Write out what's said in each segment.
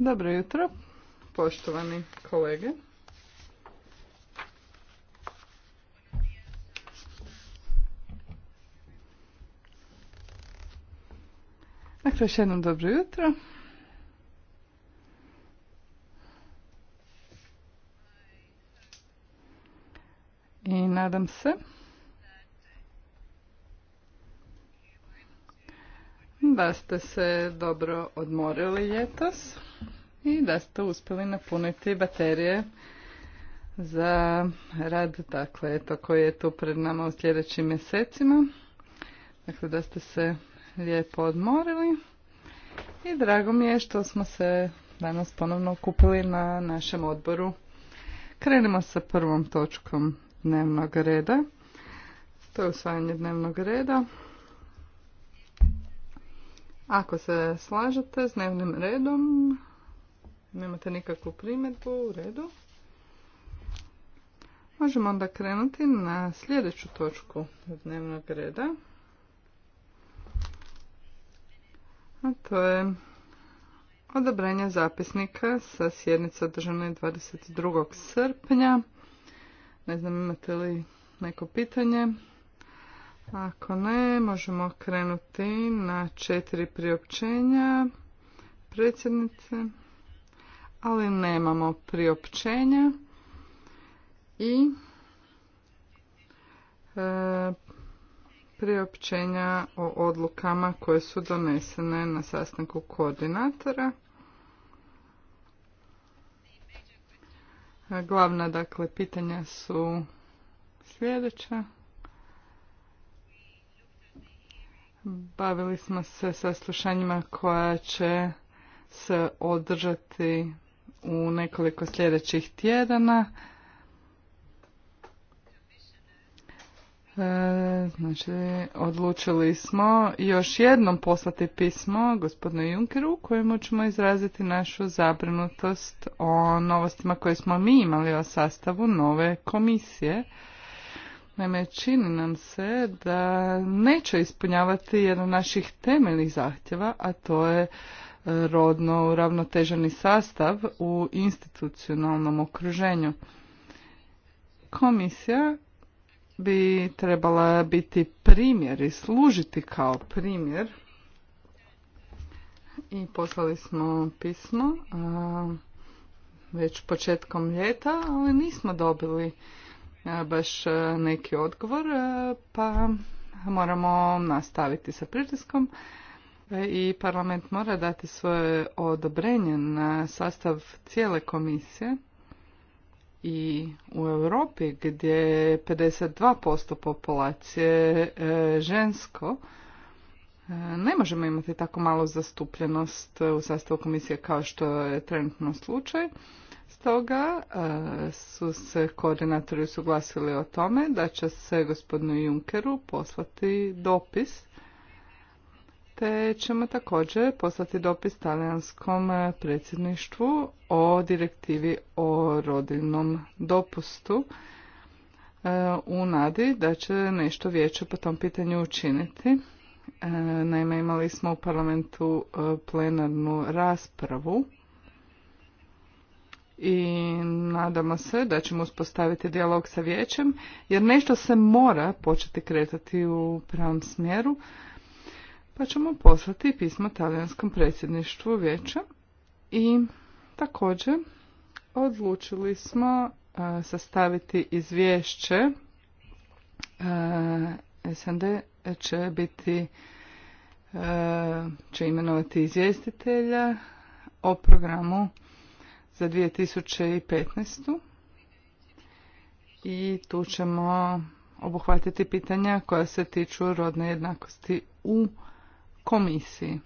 Dobro jutro, poštovani kolege. Dakle, još jednom dobro jutro. I nadam se da ste se dobro odmorili ljetos i da ste uspjeli napuniti baterije za rad, dakle, to koji je tu pred nama u sljedećim mjesecima. Dakle, da ste se lijepo odmorili i drago mi je što smo se danas ponovno okupili na našem odboru. Krenimo sa prvom točkom dnevnog reda. To je usvajanje dnevnog reda. Ako se slažete s dnevnim redom, nemate nikakvu primjedbu, u redu. Možemo onda krenuti na sljedeću točku dnevnog reda. A to je odabranje zapisnika sa sjednice održane 22. srpnja. Ne znam imate li neko pitanje. Ako ne, možemo krenuti na četiri priopćenja predsjednice, ali nemamo priopćenja i e, priopćenja o odlukama koje su donesene na sastanku koordinatora. Glavna dakle pitanja su sljedeća. Bavili smo se saslušanjima koja će se održati u nekoliko sljedećih tjedana. E, znači, odlučili smo još jednom poslati pismo gospodinu Junkeru u kojemu ćemo izraziti našu zabrinutost o novostima koje smo mi imali o sastavu nove komisije Naime, čini nam se da neće ispunjavati jedan od naših temeljnih zahtjeva, a to je e, rodno uravnoteženi sastav u institucionalnom okruženju. Komisija bi trebala biti primjer i služiti kao primjer. I poslali smo pismo već početkom ljeta, ali nismo dobili baš e, neki odgovor, e, pa moramo nastaviti sa pritiskom e, i parlament mora dati svoje odobrenje na sastav cijele komisije i u Europi gdje 52% populacije žensko, ne možemo imati tako malu zastupljenost u sastavu komisije kao što je trenutno slučaj. Stoga e, su se koordinatori suglasili o tome da će se gospodinu Junkeru poslati dopis te ćemo također poslati dopis talijanskom predsjedništvu o direktivi o rodiljnom dopustu e, u nadi da će nešto vijeće po tom pitanju učiniti. E, naime, imali smo u parlamentu plenarnu raspravu i nadamo se da ćemo uspostaviti dijalog sa vijećem jer nešto se mora početi kretati u pravom smjeru pa ćemo poslati pismo talijanskom predsjedništvu vijeća i također odlučili smo e, sastaviti izvješće e, SND će biti e, će imenovati izvjestitelja o programu za 2015. I tu ćemo obuhvatiti pitanja koja se tiču rodne jednakosti u komisiji.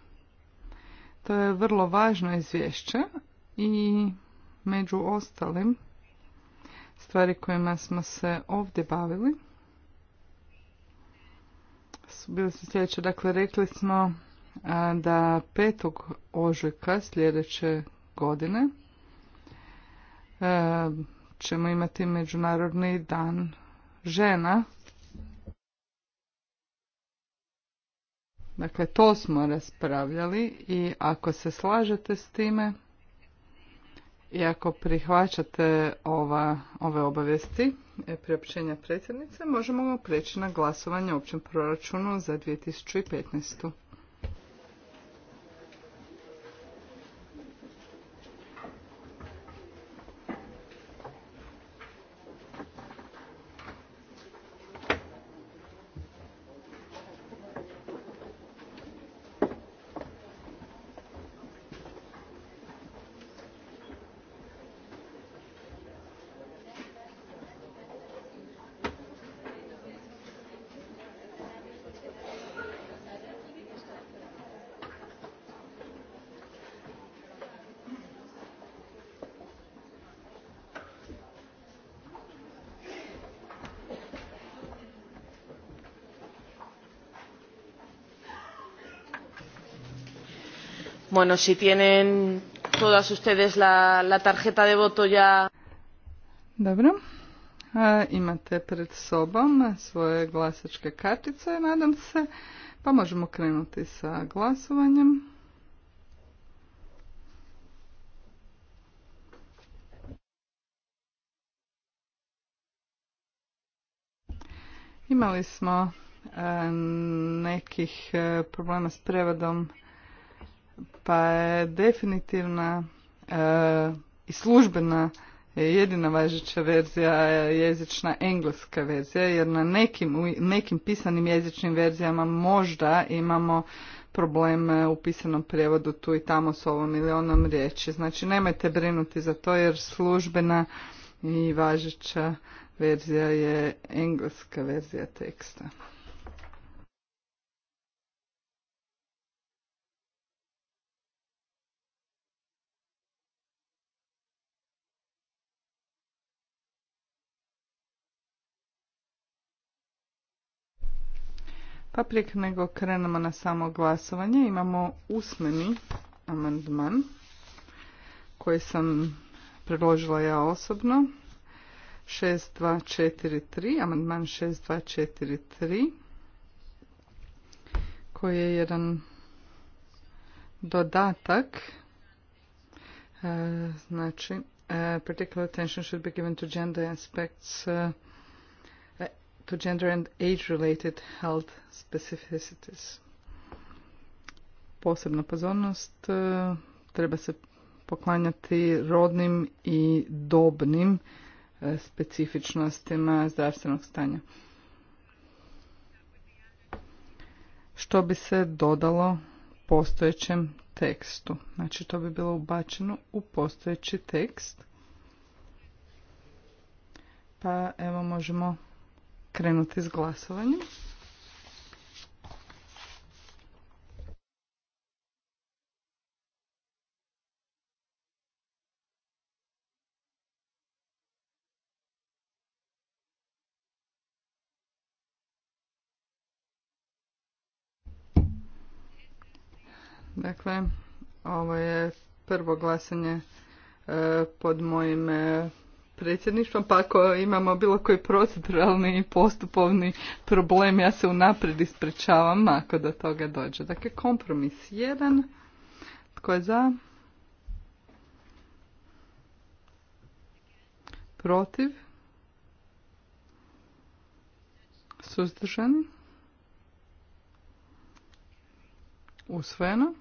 To je vrlo važno izvješće i među ostalim stvari kojima smo se ovdje bavili su bili su sljedeće. Dakle, rekli smo da petog ožujka sljedeće godine E, ćemo imati Međunarodni dan žena. Dakle, to smo raspravljali i ako se slažete s time i ako prihvaćate ova, ove obavijesti e, priopćenja predsjednice, možemo preći na glasovanje o općem proračunu za 2015. Bueno, si tienen todas ustedes la, la tarjeta de voto ya... Dobro. imate pred sobom svoje glasačke kartice, nadam se, pa možemo krenuti sa glasovanjem. Imali smo e, nekih e, problema s prevodom pa je definitivna e, i službena jedina važeća verzija je jezična engleska verzija jer na nekim, nekim pisanim jezičnim verzijama možda imamo problem e, u pisanom prijevodu tu i tamo s ovom ili onom riječi. Znači nemojte brinuti za to jer službena i važeća verzija je engleska verzija teksta. Pa prije nego krenemo na samo glasovanje, imamo usmeni amandman koji sam predložila ja osobno. 6243, amandman 6243 koji je jedan dodatak e, znači e, particular attention should be given to gender aspects e, to gender and age-related health specificities. Posebna pozornost e, treba se poklanjati rodnim i dobnim e, specifičnostima zdravstvenog stanja. Što bi se dodalo postojećem tekstu? Znači to bi bilo ubačeno u postojeći tekst. Pa evo možemo krenuti s glasovanjem. Dakle, ovo je prvo glasanje e, pod mojim predsjedništvom, pa ako imamo bilo koji proceduralni i postupovni problem, ja se unaprijed ispričavam ako do toga dođe. Dakle, kompromis jedan Tko je za? Protiv? Suzdržani? Usvojeno?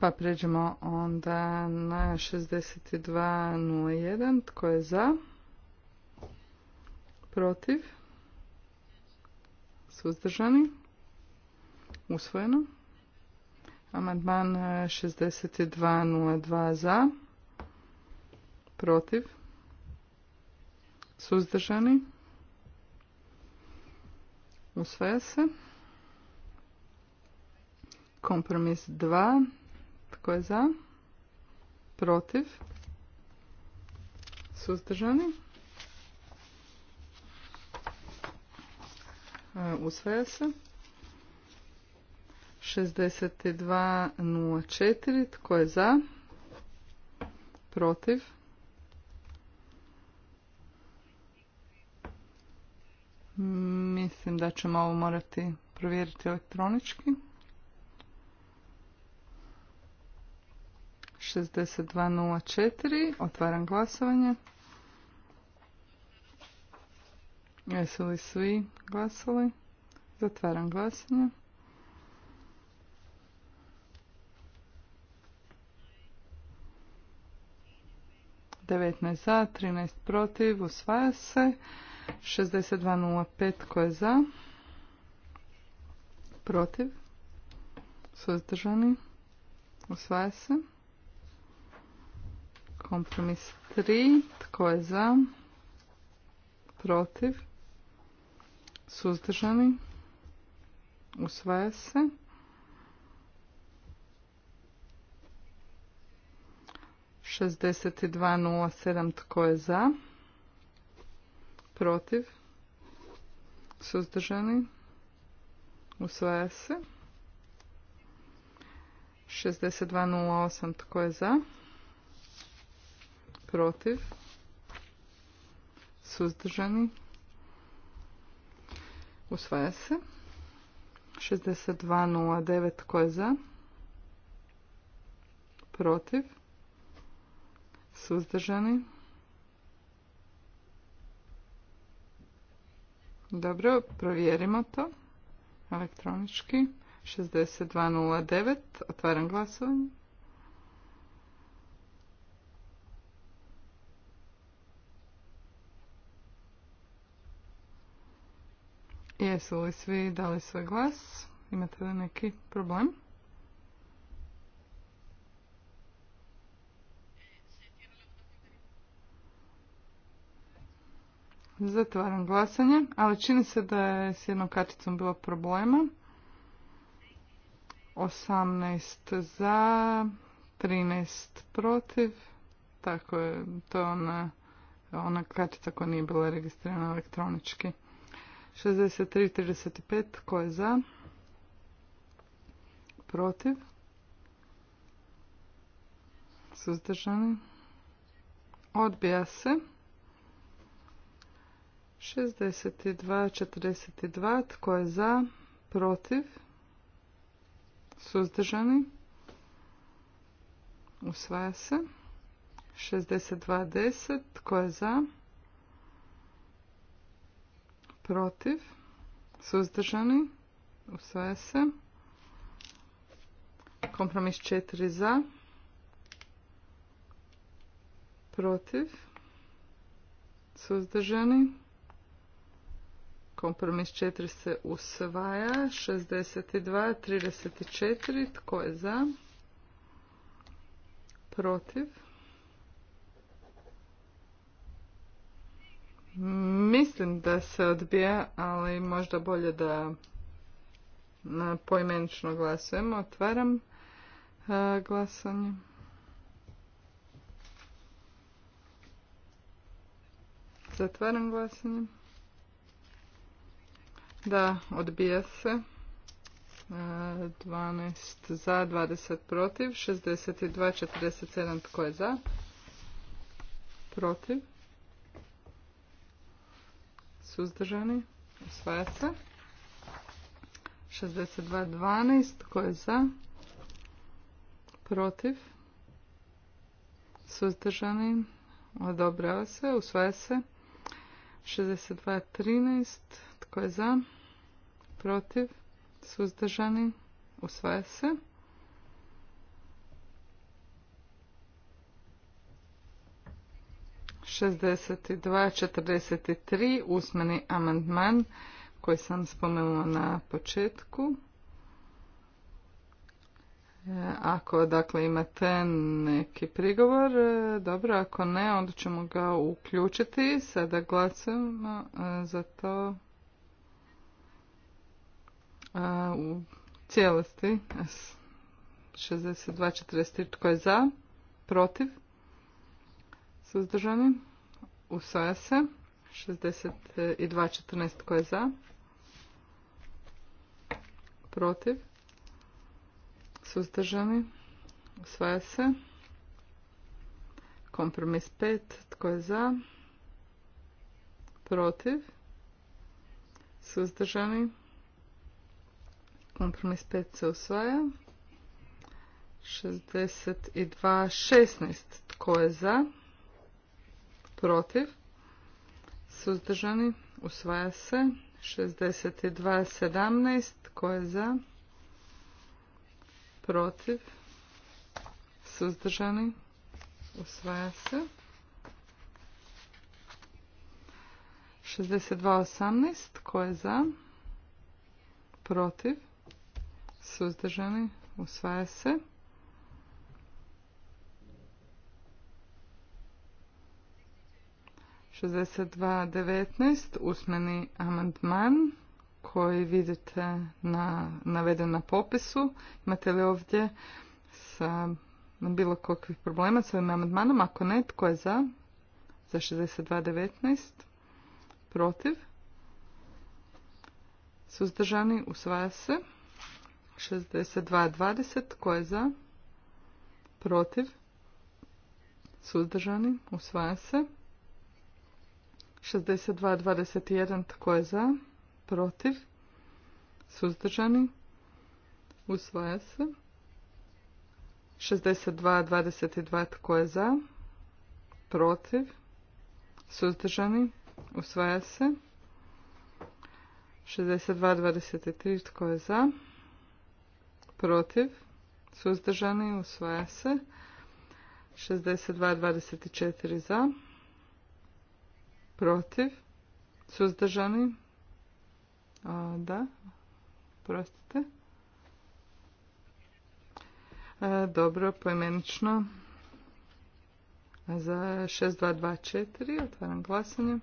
Pa pređemo onda na 62.01. Tko je za? Protiv? Suzdržani? Usvojeno. Amandman 62.02 za. Protiv? Suzdržani? Usvaja se. Kompromis 2 tko je za? Protiv? Suzdržani? E, usvaja se. 62.04. Tko je za? Protiv? Mislim da ćemo ovo morati provjeriti elektronički. 6204. Otvaram glasovanje. Jesu li svi glasali? Zatvaram glasanje. Devetnaest za, 13 protiv, usvaja se. 62.05 ko je za? Protiv? Suzdržani? Usvaja se. Kompromis 3. Tko je za? Protiv? Suzdržani? Usvaja se. Šestdeset tko je za? Protiv? Suzdržani? Usvaja se. 6208 tko je za? protiv, suzdržani, usvaja se. 62.09 tko je za, protiv, suzdržani. Dobro, provjerimo to elektronički. 62.09, otvaram glasovanje. Jesu li svi dali svoj glas? Imate li neki problem? Zatvaram glasanje, ali čini se da je s jednom kačicom bilo problema. 18 za, 13 protiv, tako je, to je ona, ona koja nije bila registrirana elektronički. 35, Tko je za? Protiv? Suzdržani? Odbija se. 42, Tko je za? Protiv? Suzdržani? Usvaja se. 10, Tko je za? Protiv? protiv, suzdržani, usvaja se. Kompromis 4 za, protiv, suzdržani. Kompromis 4 se usvaja, 62, 34, tko je za, protiv, Mislim da se odbija, ali možda bolje da e, poimenično glasujemo. Otvaram e, glasanje. Zatvaram glasanje. Da, odbija se. 12 e, za, 20 protiv, 62, 47 tko je za, protiv suzdržani? Usvaja se. 62.12. Tko je za? Protiv? Suzdržani? Odobrava se. Usvaja se. 62.13. Tko je za? Protiv? Suzdržani? Usvaja se. 62.43 usmeni amandman koji sam spomenula na početku. E, ako dakle imate neki prigovor, e, dobro, ako ne, onda ćemo ga uključiti. Sada glasujemo e, za to u cijelosti. 62.43 tko je za, protiv? Suzdržani? Usvaja se. 62.14. Tko je za? Protiv? Suzdržani? Usvaja se. Kompromis 5. Tko je za? Protiv? Suzdržani? Kompromis 5 se usvaja. 62.16. Tko je za? protiv, suzdržani, usvaja se. 62.17, ko je za, protiv, suzdržani, usvaja se. 62.18, ko je za, protiv, suzdržani, usvaja se. 62.19. Usmeni amandman koji vidite na, naveden na popisu. Imate li ovdje sa bilo kakvih problema s ovim amandmanom? Ako ne, tko je za? Za 62.19. Protiv? Suzdržani usvaja se. 62.20. Tko je za? Protiv? Suzdržani usvaja se. 62.21 tko je za? Protiv? Suzdržani? Usvaja se. 62.22 tko je za? Protiv? Suzdržani? Usvaja se. 62.23 tko je za? Protiv? Suzdržani? Usvaja se. 62.24 za? protiv, suzdržani, a, da, prostite. E, dobro, poimenično e, za 6224, otvaram glasanje.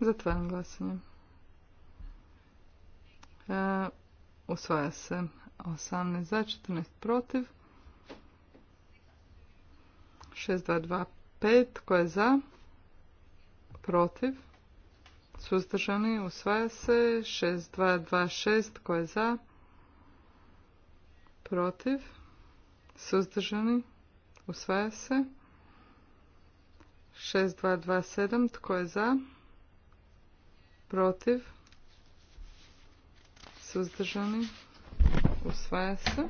Zatvaram glasanje. E, usvaja se 18 za, 14 protiv. 6225 5. Tko je za? Protiv? Suzdržani? Usvaja se. 6226. Tko je za? Protiv? Suzdržani? Usvaja se. 6227. Tko je za? Protiv? Suzdržani? Usvaja se.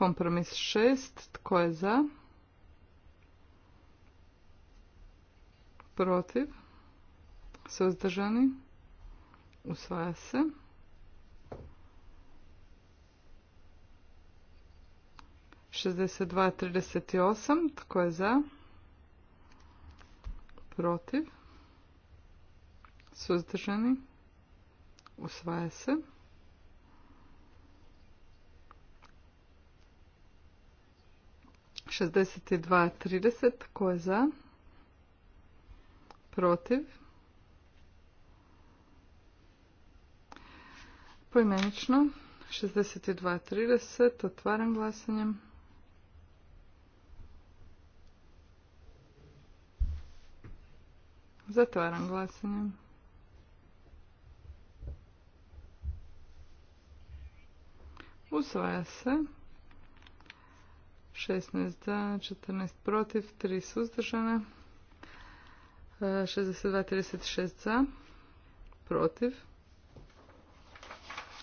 Kompromis šest, Tko je za? Protiv? Suzdržani? Usvaja se. Šestdeset dva trideset osam. Tko je za? Protiv? Suzdržani? Usvaja se. 62.30. Ko je za? Protiv? Poimenično. 62.30. Otvaram glasanje. Zatvaram glasanjem. Usvaja se. 16 za, 14 protiv, 3 suzdržana. 62, e, 36 za, protiv,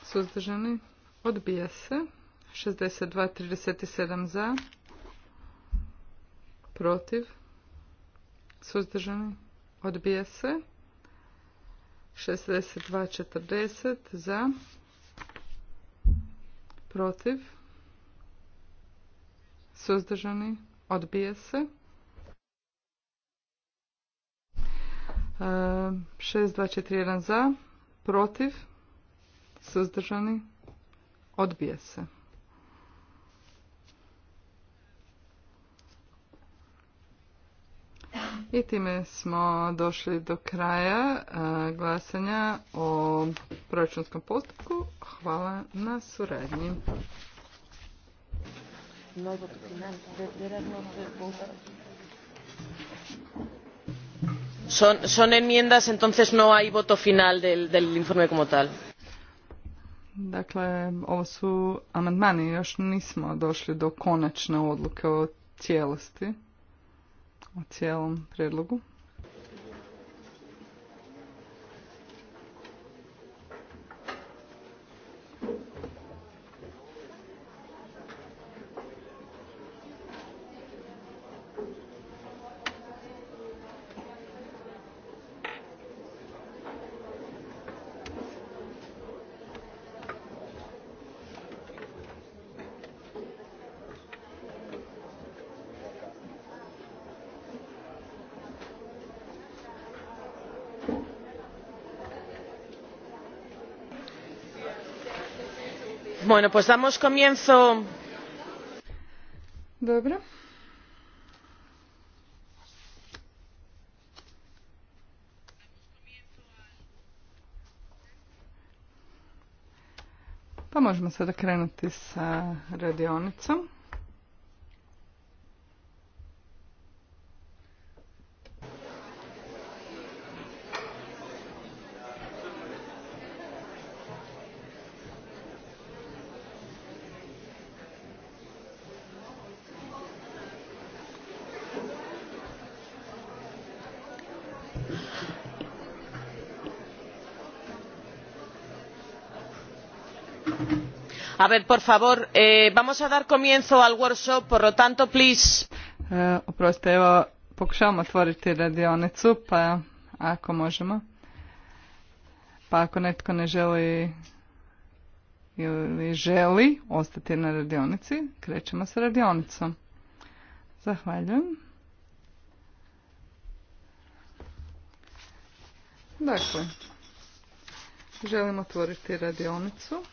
suzdržani, odbija se. 62, 37 za, protiv, suzdržani, odbija se. 62, 40 za, protiv, suzdržani, odbije se. 6241 za, protiv, suzdržani, odbije se. I time smo došli do kraja e, glasanja o proračunskom postupku. Hvala na suradnji no voto final. There, Son, son enmiendas, entonces no hay voto final del, informe como tal. Dakle, ovo su amandmani, još nismo došli do konačne odluke o cijelosti, o cijelom predlogu. Bueno, pues damos comienzo. Dobro. Pa možemo sada krenuti sa radionicom. a por favor eh, vamos al workshop por lo tanto please e, oprostite evo pokušavamo otvoriti radionicu pa ako možemo pa ako netko ne želi ili želi ostati na radionici krećemo sa radionicom zahvaljujem dakle želim otvoriti radionicu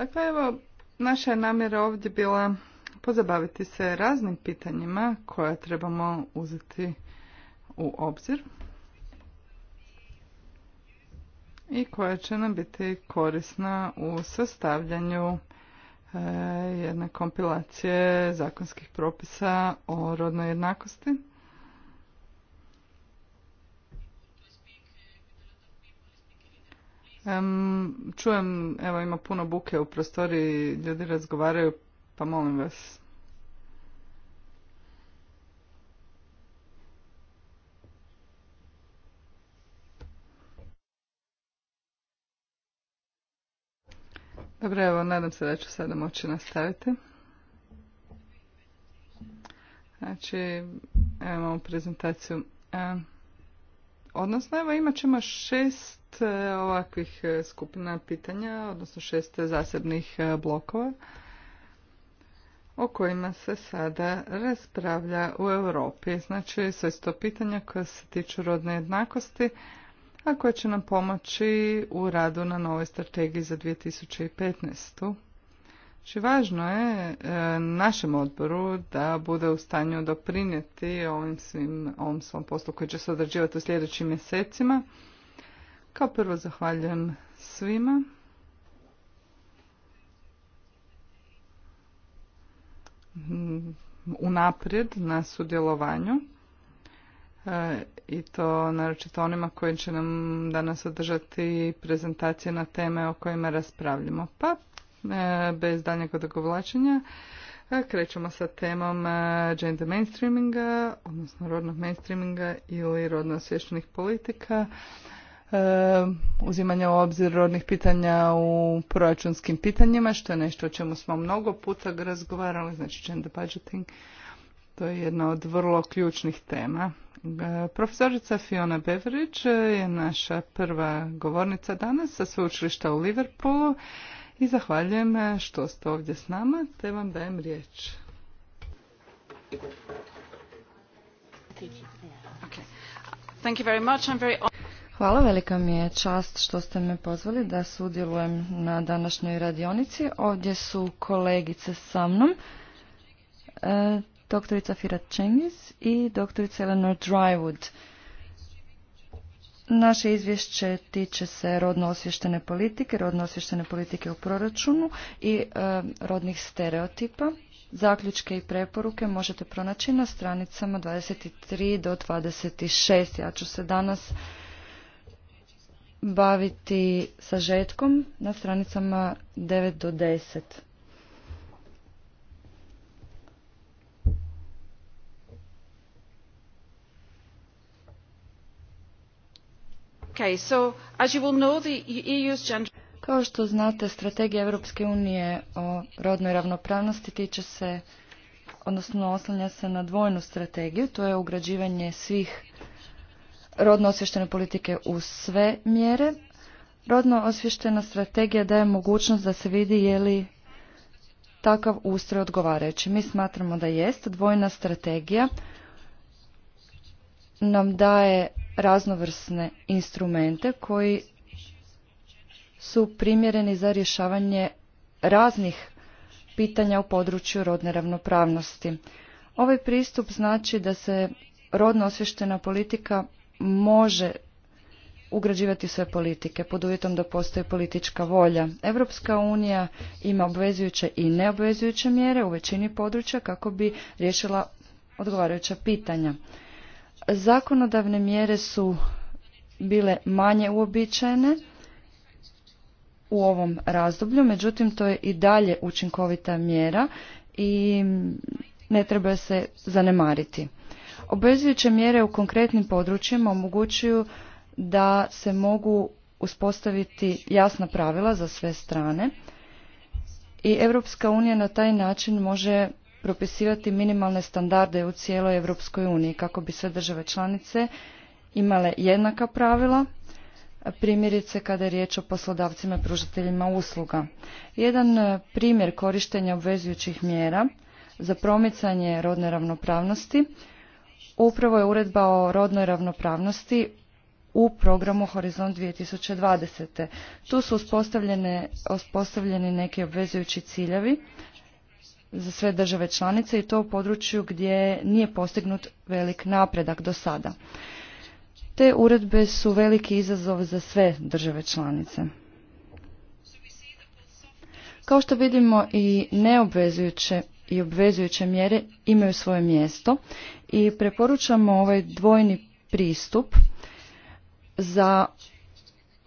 Dakle, evo, naša je namjera ovdje bila pozabaviti se raznim pitanjima koja trebamo uzeti u obzir i koja će nam biti korisna u sastavljanju e, jedne kompilacije zakonskih propisa o rodnoj jednakosti. čujem, evo ima puno buke u prostoriji, ljudi razgovaraju, pa molim vas. Dobro, evo, nadam se da ću sada moći nastaviti. Znači, evo imamo prezentaciju. Um, Odnosno, evo imat ćemo šest e, ovakvih e, skupina pitanja, odnosno šest zasebnih e, blokova o kojima se sada raspravlja u Europi. Znači, sve su to pitanja koja se tiču rodne jednakosti, a koja će nam pomoći u radu na novoj strategiji za 2015. Znači, važno je e, našem odboru da bude u stanju doprinijeti ovim svim, ovom svom poslu koji će se odrađivati u sljedećim mjesecima. Kao prvo zahvaljujem svima. Mm, unaprijed na sudjelovanju e, i to naročito onima koji će nam danas održati prezentacije na teme o kojima raspravljamo. Pa E, bez daljnjeg odogovlačenja. E, krećemo sa temom e, gender mainstreaminga, odnosno rodnog mainstreaminga ili rodno osvješćenih politika. Uzimanja u obzir rodnih pitanja u proračunskim pitanjima, što je nešto o čemu smo mnogo puta razgovarali, znači gender budgeting. To je jedna od vrlo ključnih tema. Profesorica Fiona Beveridge je naša prva govornica danas sa sveučilišta u Liverpoolu i zahvaljujem e, što ste ovdje s nama te vam dajem riječ. Hvala, velika mi je čast što ste me pozvali da sudjelujem na današnjoj radionici. Ovdje su kolegice sa mnom, e, doktorica Fira Čengis i doktorica Eleanor Drywood. Naše izvješće tiče se rodno osvještene politike, rodno osvještene politike u proračunu i e, rodnih stereotipa. Zaključke i preporuke možete pronaći na stranicama 23 do 26. Ja ću se danas baviti sažetkom na stranicama 9 do 10. E Kao što znate, strategija Europske unije o rodnoj ravnopravnosti tiče se, odnosno oslanja se na dvojnu strategiju, to je ugrađivanje svih rodno osvještene politike u sve mjere. Rodno osvještena strategija daje mogućnost da se vidi je li takav ustroj odgovarajući. Mi smatramo da jest dvojna strategija nam daje raznovrsne instrumente koji su primjereni za rješavanje raznih pitanja u području rodne ravnopravnosti. Ovaj pristup znači da se rodno osvještena politika može ugrađivati sve politike pod uvjetom da postoji politička volja. Europska unija ima obvezujuće i neobvezujuće mjere u većini područja kako bi riješila odgovarajuća pitanja. Zakonodavne mjere su bile manje uobičajene u ovom razdoblju, međutim to je i dalje učinkovita mjera i ne treba se zanemariti. Obvezujuće mjere u konkretnim područjima omogućuju da se mogu uspostaviti jasna pravila za sve strane i Europska unija na taj način može propisivati minimalne standarde u cijeloj Europskoj uniji kako bi sve države članice imale jednaka pravila, primjerice kada je riječ o poslodavcima i pružateljima usluga. Jedan e, primjer korištenja obvezujućih mjera za promicanje rodne ravnopravnosti upravo je uredba o rodnoj ravnopravnosti u programu Horizont 2020. Tu su uspostavljeni neki obvezujući ciljevi za sve države članice i to u području gdje nije postignut velik napredak do sada. Te uredbe su veliki izazov za sve države članice. Kao što vidimo i neobvezujuće i obvezujuće mjere imaju svoje mjesto i preporučamo ovaj dvojni pristup za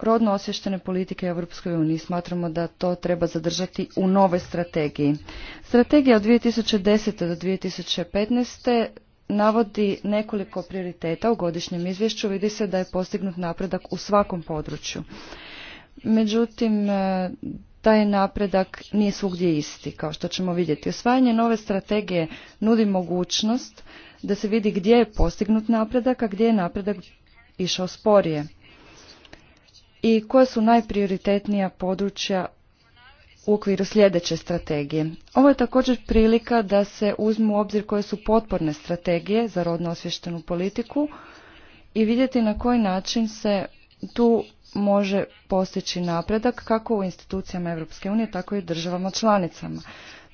rodno osvještene politike Europskoj uniji. Smatramo da to treba zadržati u novoj strategiji. Strategija od 2010. do 2015. navodi nekoliko prioriteta u godišnjem izvješću. Vidi se da je postignut napredak u svakom području. Međutim, e, taj napredak nije svugdje isti, kao što ćemo vidjeti. Osvajanje nove strategije nudi mogućnost da se vidi gdje je postignut napredak, a gdje je napredak išao sporije i koja su najprioritetnija područja u okviru sljedeće strategije. Ovo je također prilika da se uzmu u obzir koje su potporne strategije za rodno osvještenu politiku i vidjeti na koji način se tu može postići napredak kako u institucijama Europske unije, tako i državama članicama.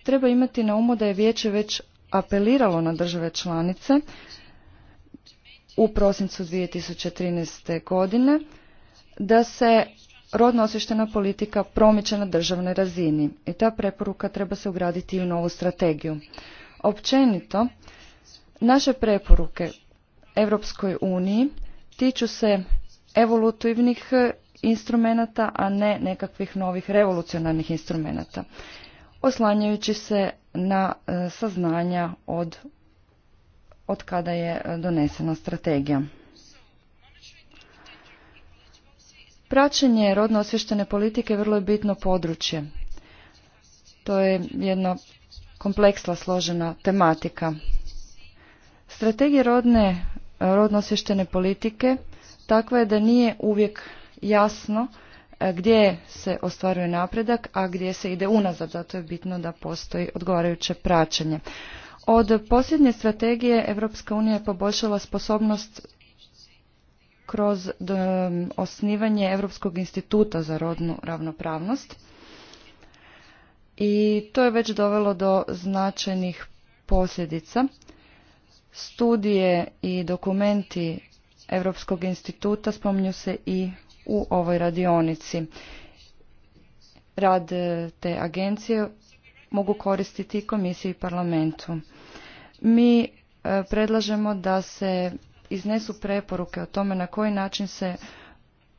Treba imati na umu da je vijeće već apeliralo na države članice u prosincu 2013. godine da se rodno osještena politika promiče na državnoj razini i ta preporuka treba se ugraditi i u novu strategiju. Općenito, naše preporuke Europskoj uniji tiču se evolutivnih e, instrumenata, a ne nekakvih novih revolucionarnih instrumenata, oslanjajući se na e, saznanja od, od kada je donesena strategija. Praćenje rodno osvještene politike vrlo je bitno područje. To je jedna kompleksna složena tematika. Strategija rodne, rodno osvještene politike takva je da nije uvijek jasno e, gdje se ostvaruje napredak, a gdje se ide unazad, zato je bitno da postoji odgovarajuće praćenje. Od posljednje strategije Europska unija je poboljšala sposobnost kroz osnivanje Europskog instituta za rodnu ravnopravnost. I to je već dovelo do značajnih posljedica. Studije i dokumenti Europskog instituta spominju se i u ovoj radionici. Rad e, te agencije mogu koristiti i komisiji i parlamentu. Mi e, predlažemo da se iznesu preporuke o tome na koji način se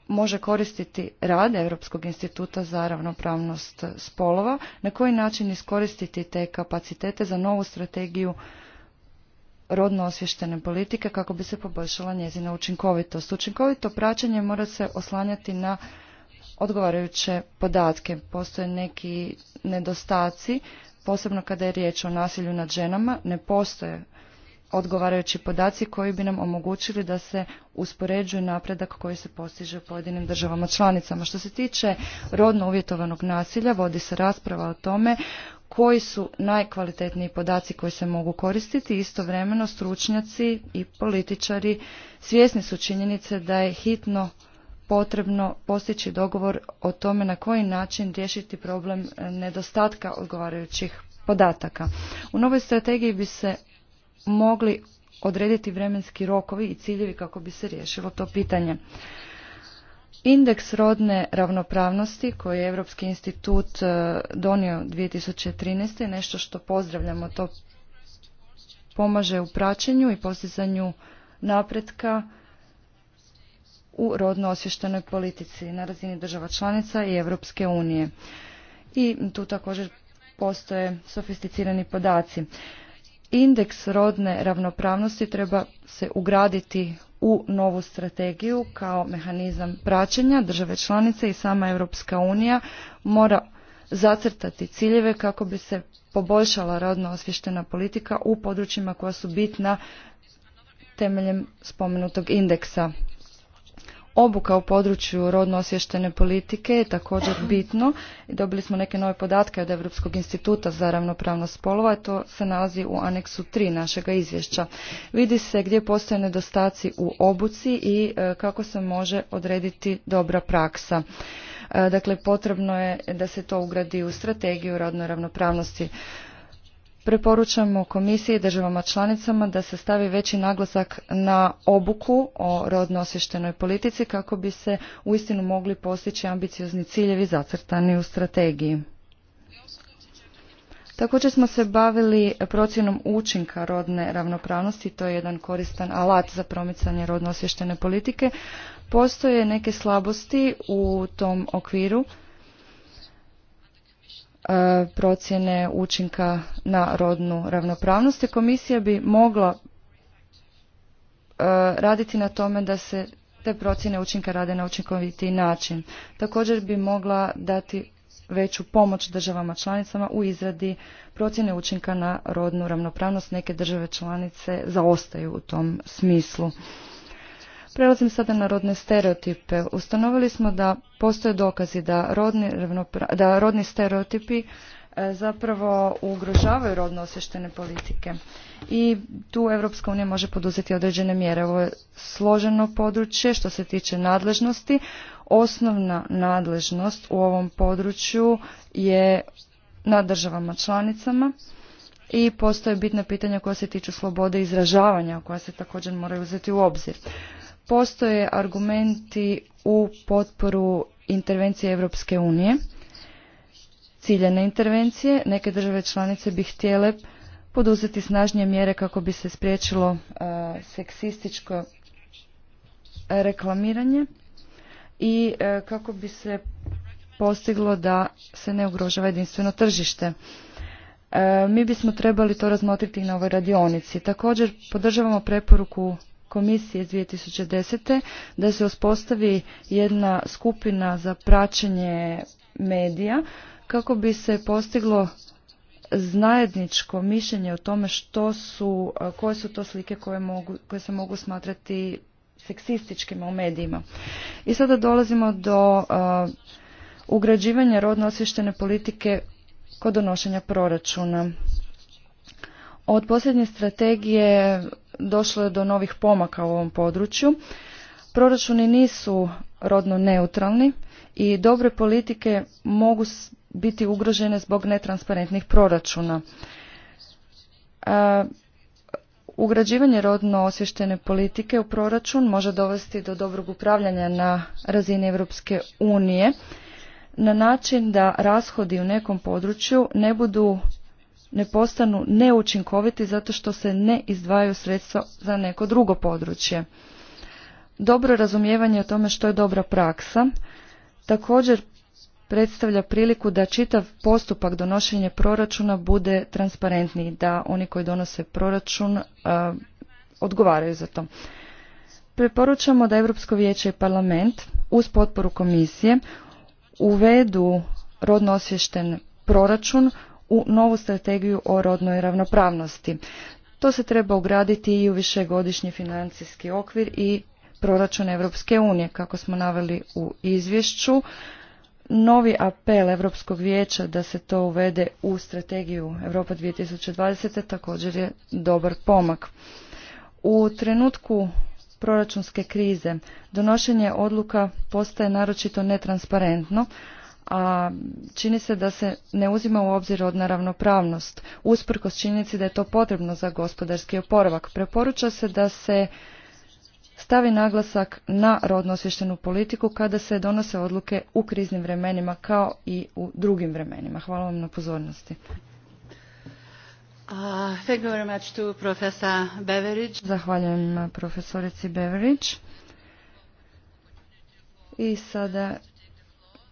može koristiti rad Europskog instituta za ravnopravnost spolova, na koji način iskoristiti te kapacitete za novu strategiju rodno osvještene politike kako bi se poboljšala njezina učinkovitost. Učinkovito praćenje mora se oslanjati na odgovarajuće podatke. Postoje neki nedostaci, posebno kada je riječ o nasilju nad ženama, ne postoje odgovarajući podaci koji bi nam omogućili da se uspoređuje napredak koji se postiže u pojedinim državama članicama. Što se tiče rodno uvjetovanog nasilja, vodi se rasprava o tome koji su najkvalitetniji podaci koji se mogu koristiti. Istovremeno stručnjaci i političari svjesni su činjenice da je hitno potrebno postići dogovor o tome na koji način riješiti problem nedostatka odgovarajućih podataka. U novoj strategiji bi se mogli odrediti vremenski rokovi i ciljevi kako bi se riješilo to pitanje. Indeks rodne ravnopravnosti koji je Europski institut e, donio 2013. je nešto što pozdravljamo. To pomaže u praćenju i postizanju napretka u rodno osvještenoj politici na razini država članica i Europske unije. I tu također postoje sofisticirani podaci indeks rodne ravnopravnosti treba se ugraditi u novu strategiju kao mehanizam praćenja države članice i sama Europska unija mora zacrtati ciljeve kako bi se poboljšala rodno osvještena politika u područjima koja su bitna temeljem spomenutog indeksa. Obuka u području rodno osještene politike je također bitno. Dobili smo neke nove podatke od Europskog instituta za ravnopravnost spolova. To se nalazi u aneksu 3 našega izvješća. Vidi se gdje postoje nedostaci u obuci i e, kako se može odrediti dobra praksa. E, dakle, potrebno je da se to ugradi u strategiju rodno ravnopravnosti Preporučamo komisiji i državama članicama da se stavi veći naglasak na obuku o rodno osvještenoj politici kako bi se uistinu mogli postići ambiciozni ciljevi zacrtani u strategiji. Također smo se bavili procjenom učinka rodne ravnopravnosti, to je jedan koristan alat za promicanje rodno politike. Postoje neke slabosti u tom okviru E, procjene učinka na rodnu ravnopravnost komisija bi mogla e, raditi na tome da se te procjene učinka rade na učinkovitiji način. Također bi mogla dati veću pomoć državama članicama u izradi procjene učinka na rodnu ravnopravnost. Neke države članice zaostaju u tom smislu. Prelazim sada na rodne stereotipe. Ustanovili smo da postoje dokazi da rodni, da rodni stereotipi e, zapravo ugrožavaju rodno osještene politike. I tu Europska unija može poduzeti određene mjere. Ovo je složeno područje što se tiče nadležnosti. Osnovna nadležnost u ovom području je na državama članicama i postoje bitna pitanja koja se tiču slobode izražavanja koja se također moraju uzeti u obzir postoje argumenti u potporu intervencije Europske unije, ciljene intervencije. Neke države članice bi htjele poduzeti snažnije mjere kako bi se spriječilo e, seksističko reklamiranje i e, kako bi se postiglo da se ne ugrožava jedinstveno tržište. E, mi bismo trebali to razmotriti na ovoj radionici. Također podržavamo preporuku komisije 2010. da se uspostavi jedna skupina za praćenje medija kako bi se postiglo znajedničko mišljenje o tome što su, koje su to slike koje, mogu, koje se mogu smatrati seksističkima u medijima. I sada dolazimo do ugrađivanja rodno osvještene politike kod donošenja proračuna. Od posljednje strategije došlo je do novih pomaka u ovom području. Proračuni nisu rodno neutralni i dobre politike mogu biti ugrožene zbog netransparentnih proračuna. E, ugrađivanje rodno osvještene politike u proračun može dovesti do dobrog upravljanja na razini Europske unije na način da rashodi u nekom području ne budu ne postanu neučinkoviti zato što se ne izdvajaju sredstva za neko drugo područje. Dobro razumijevanje o tome što je dobra praksa također predstavlja priliku da čitav postupak donošenja proračuna bude transparentniji, da oni koji donose proračun e, odgovaraju za to. Preporučamo da Europsko vijeće i parlament uz potporu komisije uvedu rodno osvješten proračun u novu strategiju o rodnoj ravnopravnosti. To se treba ugraditi i u višegodišnji financijski okvir i proračun Europske unije, kako smo naveli u izvješću. Novi apel Europskog vijeća da se to uvede u strategiju Europa 2020. također je dobar pomak. U trenutku proračunske krize donošenje odluka postaje naročito netransparentno, a čini se da se ne uzima u obzir od naravnopravnost, usprkos činjenici da je to potrebno za gospodarski oporavak. Preporuča se da se stavi naglasak na rodno politiku kada se donose odluke u kriznim vremenima kao i u drugim vremenima. Hvala vam na pozornosti. Uh, thank you very much Beveridge. Zahvaljujem profesorici Beveridge. I sada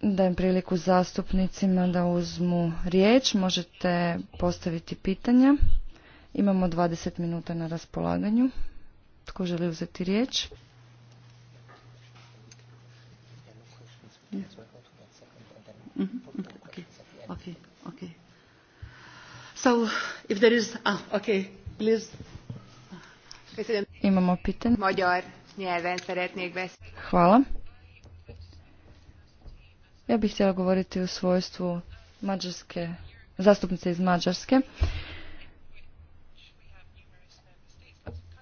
dajem priliku zastupnicima da uzmu riječ. Možete postaviti pitanja. Imamo 20 minuta na raspolaganju. Tko želi uzeti riječ? Mhm. Ah, Imamo pitanje. Hvala. Ja bih htjela govoriti u svojstvu mađarske, zastupnice iz Mađarske.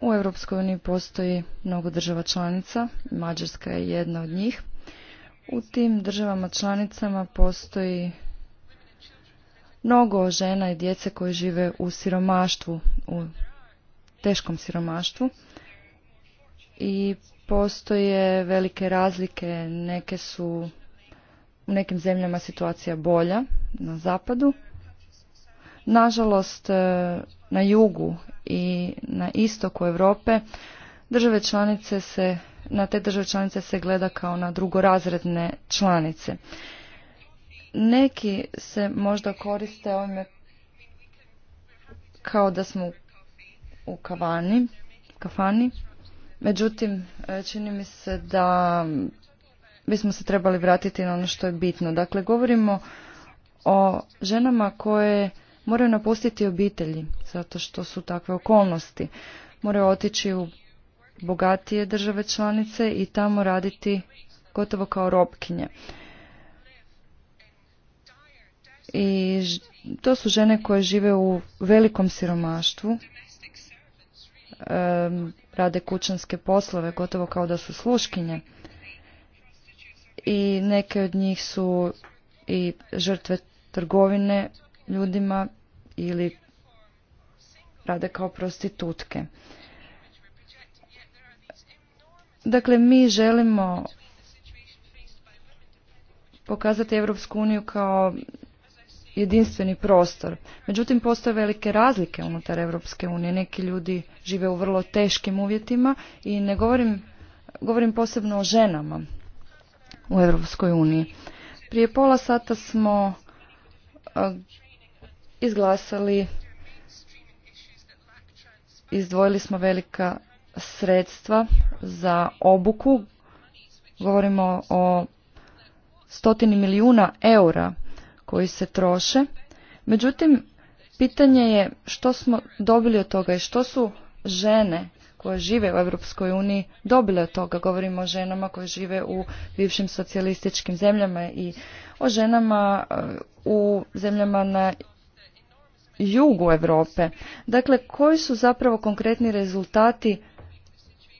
U EU uniji postoji mnogo država članica, Mađarska je jedna od njih. U tim državama članicama postoji mnogo žena i djece koji žive u siromaštvu, u teškom siromaštvu i postoje velike razlike, neke su u nekim zemljama situacija bolja na zapadu. Nažalost, e, na jugu i na istoku Europe države članice se, na te države članice se gleda kao na drugorazredne članice. Neki se možda koriste ovime kao da smo u kafani. Međutim, e, čini mi se da bismo se trebali vratiti na ono što je bitno. Dakle, govorimo o ženama koje moraju napustiti obitelji zato što su takve okolnosti. Moraju otići u bogatije države članice i tamo raditi gotovo kao robkinje. I to su žene koje žive u velikom siromaštvu, rade kućanske poslove gotovo kao da su sluškinje i neke od njih su i žrtve trgovine ljudima ili rade kao prostitutke. Dakle, mi želimo pokazati Evropsku uniju kao jedinstveni prostor. Međutim, postoje velike razlike unutar Evropske unije. Neki ljudi žive u vrlo teškim uvjetima i ne govorim, govorim posebno o ženama u Europskoj uniji. Prije pola sata smo izglasali, izdvojili smo velika sredstva za obuku. Govorimo o stotini milijuna eura koji se troše. Međutim, pitanje je što smo dobili od toga i što su žene koje žive u Europskoj uniji dobile od toga. Govorimo o ženama koje žive u bivšim socijalističkim zemljama i o ženama e, u zemljama na jugu Europe. Dakle, koji su zapravo konkretni rezultati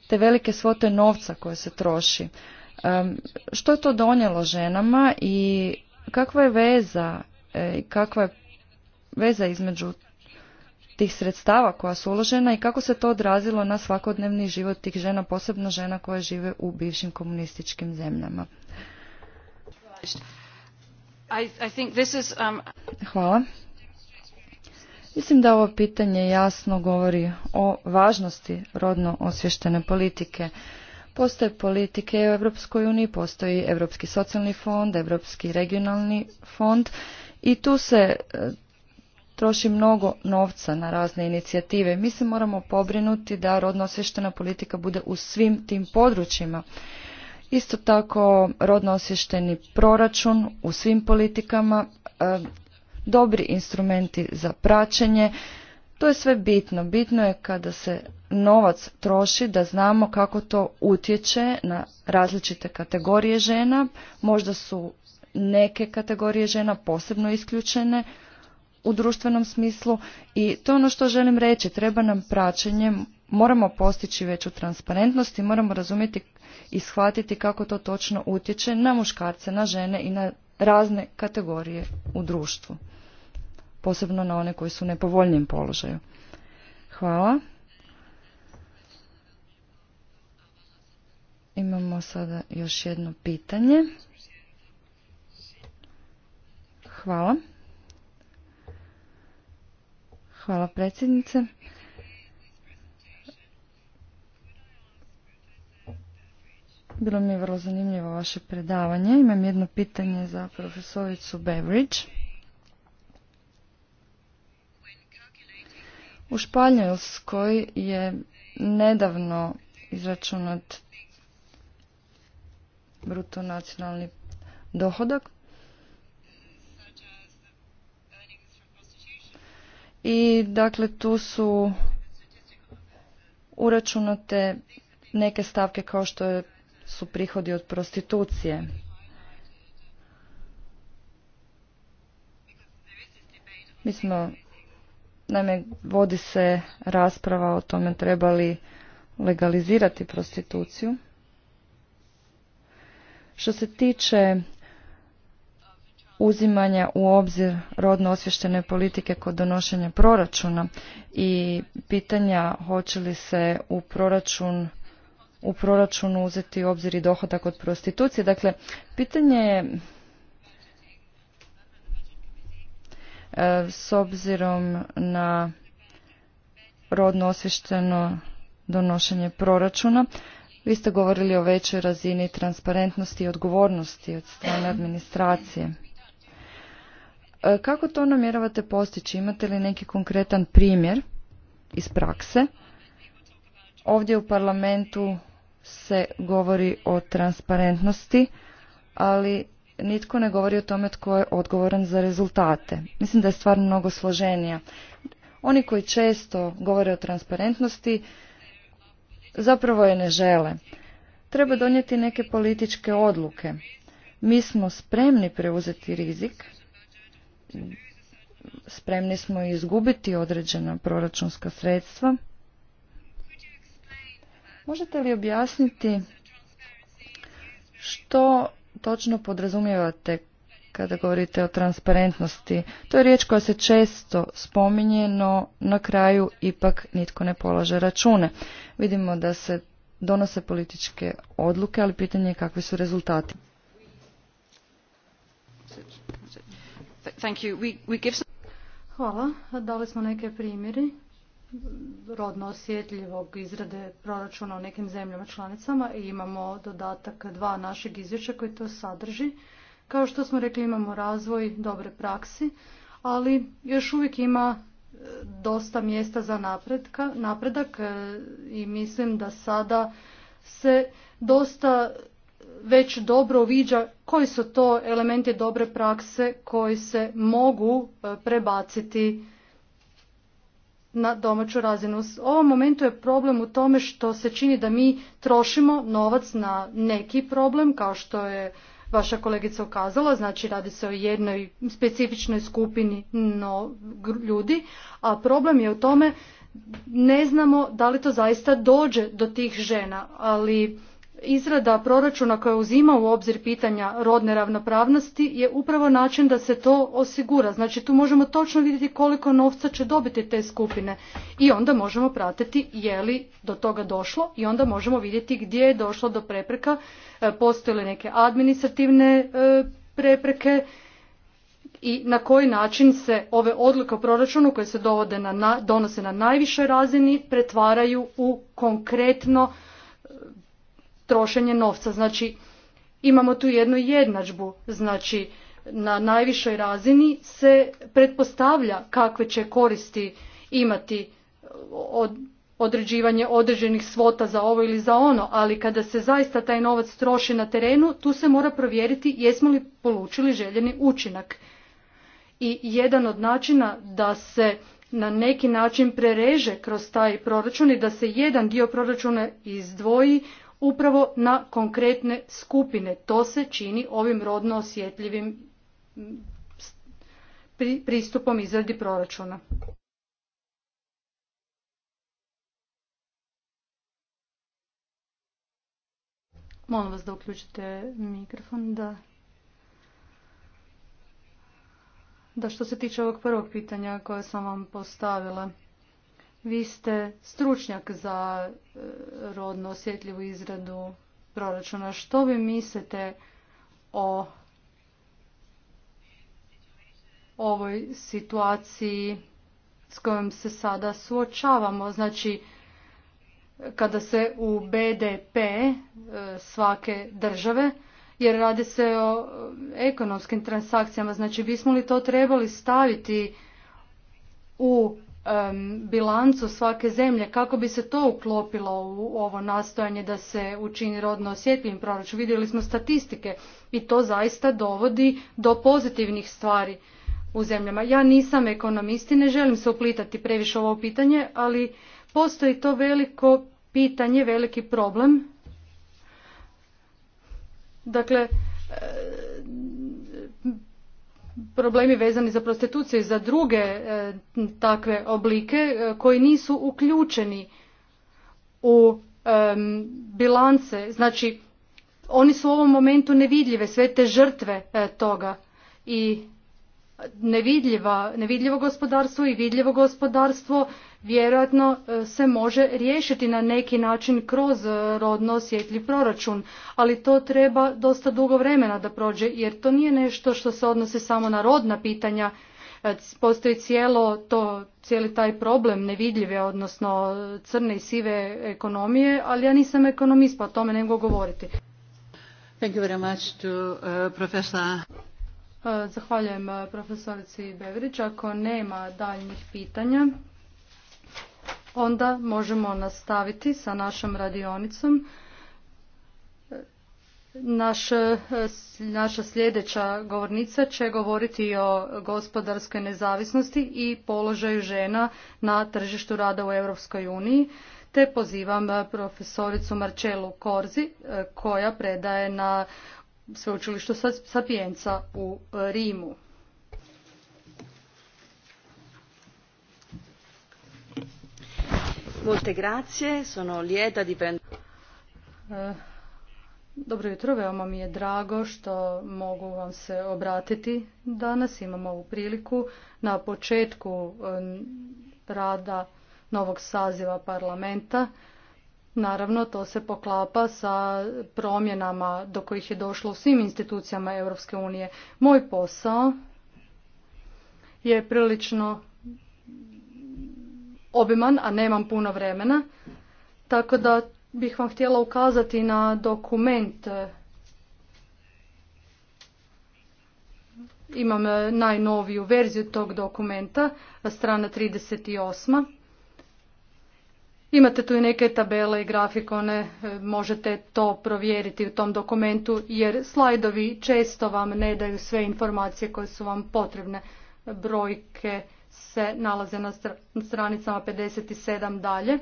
te velike svote novca koje se troši? E, što je to donijelo ženama i kakva je veza e, i kakva je veza između tih sredstava koja su uložena i kako se to odrazilo na svakodnevni život tih žena, posebno žena koje žive u bivšim komunističkim zemljama. Um, Hvala. Mislim da ovo pitanje jasno govori o važnosti rodno osvještene politike. Postoje politike u Europskoj uniji, postoji Europski socijalni fond, Europski regionalni fond i tu se troši mnogo novca na razne inicijative. Mi se moramo pobrinuti da rodno politika bude u svim tim područjima. Isto tako rodno proračun u svim politikama, eh, dobri instrumenti za praćenje, to je sve bitno. Bitno je kada se novac troši da znamo kako to utječe na različite kategorije žena. Možda su neke kategorije žena posebno isključene u društvenom smislu i to je ono što želim reći, treba nam praćenje, moramo postići veću transparentnost i moramo razumjeti i shvatiti kako to točno utječe na muškarce, na žene i na razne kategorije u društvu, posebno na one koji su u nepovoljnijem položaju. Hvala. Imamo sada još jedno pitanje. Hvala. Hvala predsjednice. Bilo mi je vrlo zanimljivo vaše predavanje. Imam jedno pitanje za profesoricu Beveridge. U Španjolskoj je nedavno izračunat bruto nacionalni dohodak i dakle tu su uračunate neke stavke kao što su prihodi od prostitucije. Mi smo, naime, vodi se rasprava o tome trebali legalizirati prostituciju. Što se tiče uzimanja u obzir rodno osvještene politike kod donošenja proračuna i pitanja hoće li se u proračun u proračunu uzeti u obzir i dohodak od prostitucije. Dakle, pitanje je e, s obzirom na rodno osvješteno donošenje proračuna. Vi ste govorili o većoj razini transparentnosti i odgovornosti od strane administracije. E, kako to namjeravate postići? Imate li neki konkretan primjer iz prakse? Ovdje u parlamentu se govori o transparentnosti, ali nitko ne govori o tome tko je odgovoran za rezultate. Mislim da je stvar mnogo složenija. Oni koji često govore o transparentnosti zapravo je ne žele. Treba donijeti neke političke odluke. Mi smo spremni preuzeti rizik spremni smo izgubiti određena proračunska sredstva. Možete li objasniti što točno podrazumijevate kada govorite o transparentnosti? To je riječ koja se često spominje, no na kraju ipak nitko ne polaže račune. Vidimo da se donose političke odluke, ali pitanje je kakvi su rezultati. Hvala. Dali smo neke primjeri rodno osjetljivog izrade proračuna u nekim zemljama članicama i imamo dodatak dva našeg izvješća koji to sadrži. Kao što smo rekli imamo razvoj dobre praksi, ali još uvijek ima e, dosta mjesta za napredak e, i mislim da sada se dosta već dobro uviđa koji su to elementi dobre prakse koji se mogu e, prebaciti na domaću razinu. U ovom momentu je problem u tome što se čini da mi trošimo novac na neki problem, kao što je vaša kolegica ukazala, znači radi se o jednoj specifičnoj skupini no, ljudi, a problem je u tome ne znamo da li to zaista dođe do tih žena, ali izrada proračuna koja uzima u obzir pitanja rodne ravnopravnosti je upravo način da se to osigura. Znači tu možemo točno vidjeti koliko novca će dobiti te skupine i onda možemo pratiti je li do toga došlo i onda možemo vidjeti gdje je došlo do prepreka, e, postoje li neke administrativne e, prepreke i na koji način se ove odluke o proračunu koje se donose na najvišoj razini pretvaraju u konkretno trošenje novca. Znači, imamo tu jednu jednadžbu, znači na najvišoj razini se pretpostavlja kakve će koristi imati eh, od određivanje određenih svota za ovo ili za ono, ali kada se zaista taj novac troši na terenu, tu se mora provjeriti jesmo li polučili željeni učinak. I jedan od načina da se na neki način prereže kroz taj proračun i da se jedan dio proračuna izdvoji upravo na konkretne skupine. To se čini ovim rodno osjetljivim pristupom izradi proračuna. Molim vas da uključite mikrofon, da... Da što se tiče ovog prvog pitanja koje sam vam postavila, vi ste stručnjak za e, rodno osjetljivu izradu proračuna. Što vi mislite o ovoj situaciji s kojom se sada suočavamo? Znači, kada se u BDP e, svake države, jer radi se o e, ekonomskim transakcijama, znači bismo li to trebali staviti u bilancu svake zemlje kako bi se to uklopilo u ovo nastojanje da se učini rodno osjetljivim proračun. Vidjeli smo statistike i to zaista dovodi do pozitivnih stvari u zemljama. Ja nisam ekonomist i ne želim se uplitati previše ovo pitanje, ali postoji to veliko pitanje, veliki problem. Dakle, problemi vezani za prostituciju i za druge e, takve oblike e, koji nisu uključeni u e, bilance. Znači, oni su u ovom momentu nevidljive, sve te žrtve toga. I nevidljivo gospodarstvo i vidljivo gospodarstvo vjerojatno e, se može riješiti na neki način kroz e, rodno osjetljiv proračun, ali to treba dosta dugo vremena da prođe jer to nije nešto što se odnosi samo na rodna pitanja, e, postoji cijelo to, cijeli taj problem nevidljive, odnosno crne i sive ekonomije, ali ja nisam ekonomist pa o tome ne govoriti. Thank you very much to, uh, Zahvaljujem profesorici Bevrić. Ako nema daljnjih pitanja, onda možemo nastaviti sa našom radionicom. Naš, naša sljedeća govornica će govoriti o gospodarskoj nezavisnosti i položaju žena na tržištu rada u Europskoj uniji, te pozivam profesoricu Marcelu Korzi koja predaje na sveučilištu Sapienca u Rimu. Eh, dobro jutro, veoma mi je drago što mogu vam se obratiti danas. Imamo ovu priliku na početku eh, rada novog saziva parlamenta. Naravno, to se poklapa sa promjenama do kojih je došlo u svim institucijama Europske unije. Moj posao je prilično obiman, a nemam puno vremena, tako da bih vam htjela ukazati na dokument. Imam e, najnoviju verziju tog dokumenta, strana 38. Imate tu i neke tabele i grafikone, e, možete to provjeriti u tom dokumentu jer slajdovi često vam ne daju sve informacije koje su vam potrebne, brojke, se nalaze na stranicama 57 dalje.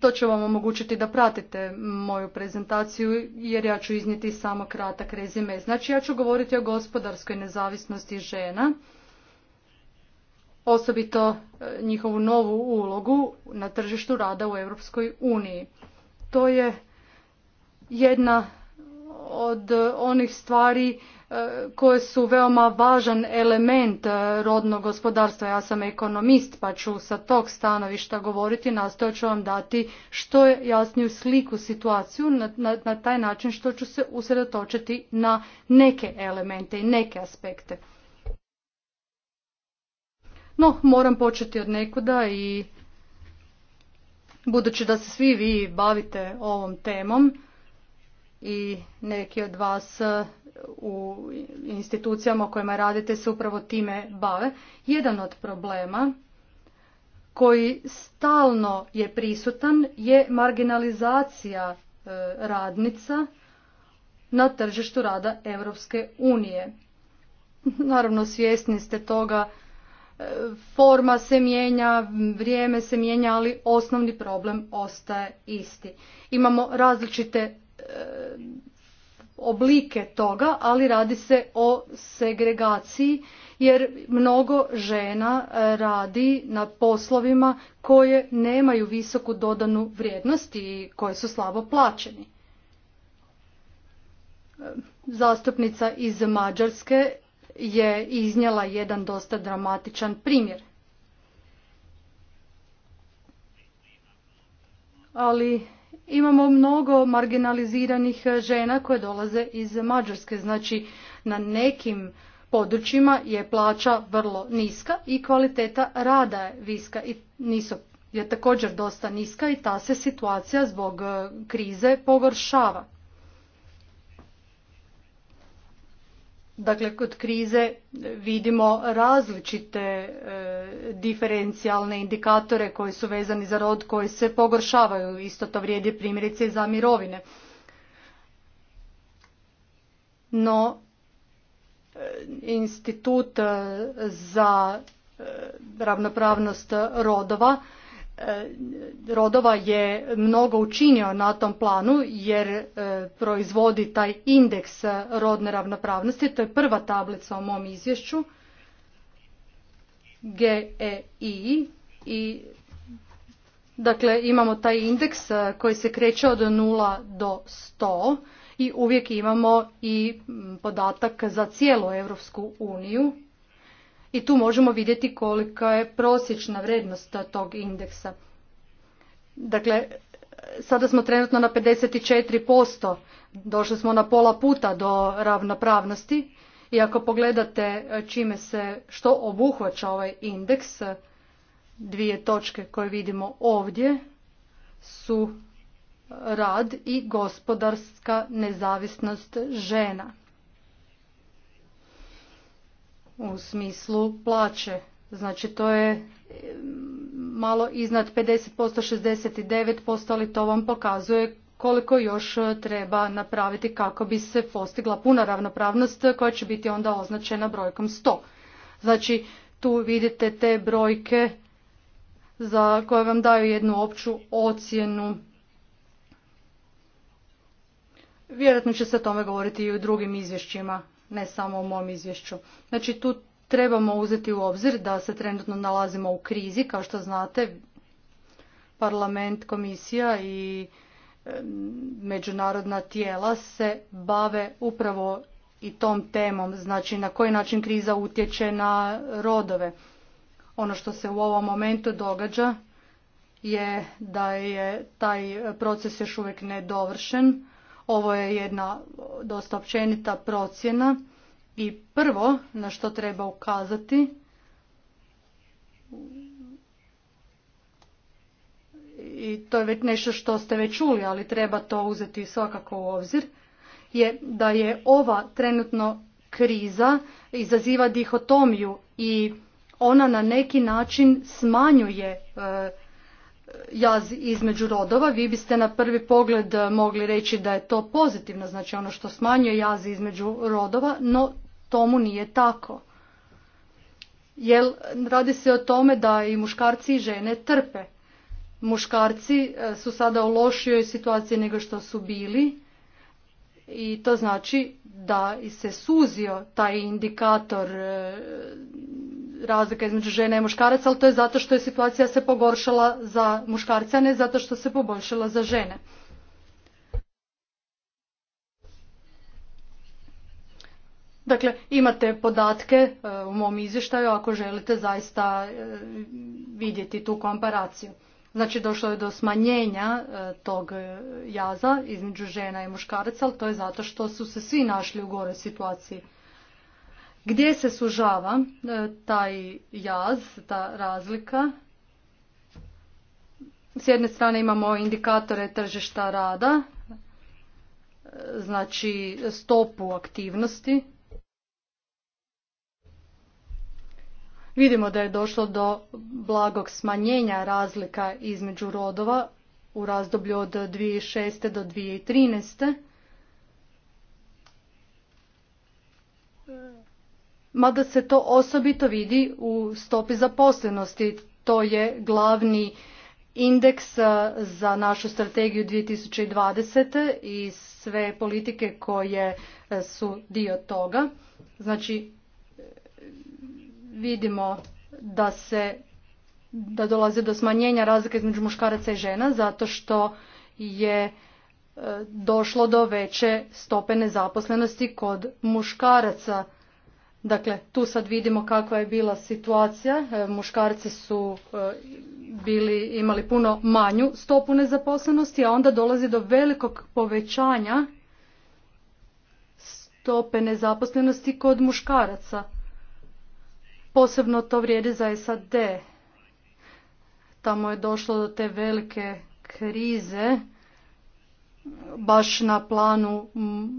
To će vam omogućiti da pratite moju prezentaciju jer ja ću iznijeti samo kratak rezime. Znači ja ću govoriti o gospodarskoj nezavisnosti žena, osobito e, njihovu novu ulogu na tržištu rada u Europskoj uniji. To je jedna od onih stvari E, koje su veoma važan element e, rodnog gospodarstva. Ja sam ekonomist pa ću sa tog stanovišta govoriti, nastojat ću vam dati što je jasniju sliku situaciju na, na, taj način što ću se usredotočiti na neke elemente i neke aspekte. No, moram početi od nekuda i budući da se svi vi bavite ovom temom i neki od vas u institucijama u kojima radite se upravo time bave. Jedan od problema koji stalno je prisutan je marginalizacija e, radnica na tržištu rada Europske unije. Naravno svjesni ste toga, e, forma se mijenja, vrijeme se mijenja, ali osnovni problem ostaje isti. Imamo različite e, oblike toga, ali radi se o segregaciji jer mnogo žena e, radi na poslovima koje nemaju visoku dodanu vrijednost i koje su slabo plaćeni. E, zastupnica iz Mađarske je iznjela jedan dosta dramatičan primjer. Ali imamo mnogo marginaliziranih eh, žena koje dolaze iz Mađarske. Znači na nekim područjima je plaća vrlo niska i kvaliteta rada je viska i je također dosta niska i ta se situacija zbog eh, krize pogoršava. Dakle, kod krize vidimo različite e, diferencijalne indikatore koji su vezani za rod koji se pogoršavaju. Isto to vrijedi primjerice za mirovine. No, e, institut e, za ravnopravnost rodova E, rodova je mnogo učinio na tom planu jer e, proizvodi taj indeks rodne ravnopravnosti. To je prva tablica u mom izvješću. GEI i dakle imamo taj indeks e, koji se kreće od 0 do 100 i uvijek imamo i podatak za cijelu Europsku uniju i tu možemo vidjeti kolika je prosječna vrednost tog indeksa. Dakle, sada smo trenutno na 54%, došli smo na pola puta do ravnopravnosti i ako pogledate čime se što obuhvaća ovaj indeks, dvije točke koje vidimo ovdje su rad i gospodarska nezavisnost žena u smislu plaće. Znači to je e, malo iznad 50%, 69%, ali to vam pokazuje koliko još e, treba napraviti kako bi se postigla puna ravnopravnost e, koja će biti onda označena brojkom 100. Znači tu vidite te brojke za koje vam daju jednu opću ocjenu. Vjerojatno će se o tome govoriti i u drugim izvješćima ne samo u mom izvješću. Znači tu trebamo uzeti u obzir da se trenutno nalazimo u krizi, kao što znate, parlament, komisija i međunarodna tijela se bave upravo i tom temom, znači na koji način kriza utječe na rodove. Ono što se u ovom momentu događa je da je taj proces još uvijek nedovršen ovo je jedna dosta općenita procjena i prvo na što treba ukazati i to je već nešto što ste već čuli, ali treba to uzeti svakako u obzir, je da je ova trenutno kriza izaziva dihotomiju i ona na neki način smanjuje e, jaz između rodova, vi biste na prvi pogled eh, mogli reći da je to pozitivno, znači ono što smanjuje jaz između rodova, no tomu nije tako. Jer radi se o tome da i muškarci i žene trpe. Muškarci eh, su sada u lošijoj situaciji nego što su bili i to znači da se suzio taj indikator eh, razlika između žene i muškaraca, ali to je zato što je situacija se pogoršala za muškarce, a ne zato što se poboljšala za žene. Dakle, imate podatke e, u mom izvještaju ako želite zaista e, vidjeti tu komparaciju. Znači, došlo je do smanjenja e, tog jaza između žena i muškaraca, ali to je zato što su se svi našli u gore situaciji gdje se sužava e, taj jaz, ta razlika. S jedne strane imamo indikatore tržišta rada, e, znači stopu aktivnosti. Vidimo da je došlo do blagog smanjenja razlika između rodova u razdoblju od 2006. do 2013 mada se to osobito vidi u stopi zaposlenosti. To je glavni indeks za našu strategiju 2020. i sve politike koje e, su dio toga. Znači, e, vidimo da se da dolaze do smanjenja razlike između muškaraca i žena zato što je e, došlo do veće stope nezaposlenosti kod muškaraca Dakle, tu sad vidimo kakva je bila situacija. E, muškarci su e, bili, imali puno manju stopu nezaposlenosti, a onda dolazi do velikog povećanja stope nezaposlenosti kod muškaraca. Posebno to vrijedi za SAD. Tamo je došlo do te velike krize baš na planu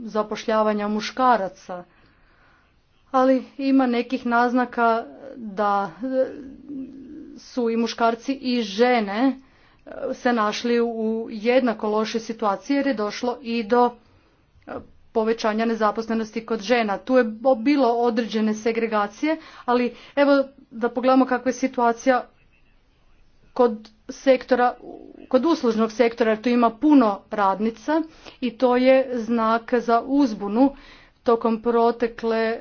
zapošljavanja muškaraca ali ima nekih naznaka da e, su i muškarci i žene e, se našli u jednako lošoj situaciji jer je došlo i do e, povećanja nezaposlenosti kod žena. Tu je bilo određene segregacije, ali evo da pogledamo kakva je situacija kod sektora, kod uslužnog sektora, jer tu ima puno radnica i to je znak za uzbunu tokom protekle,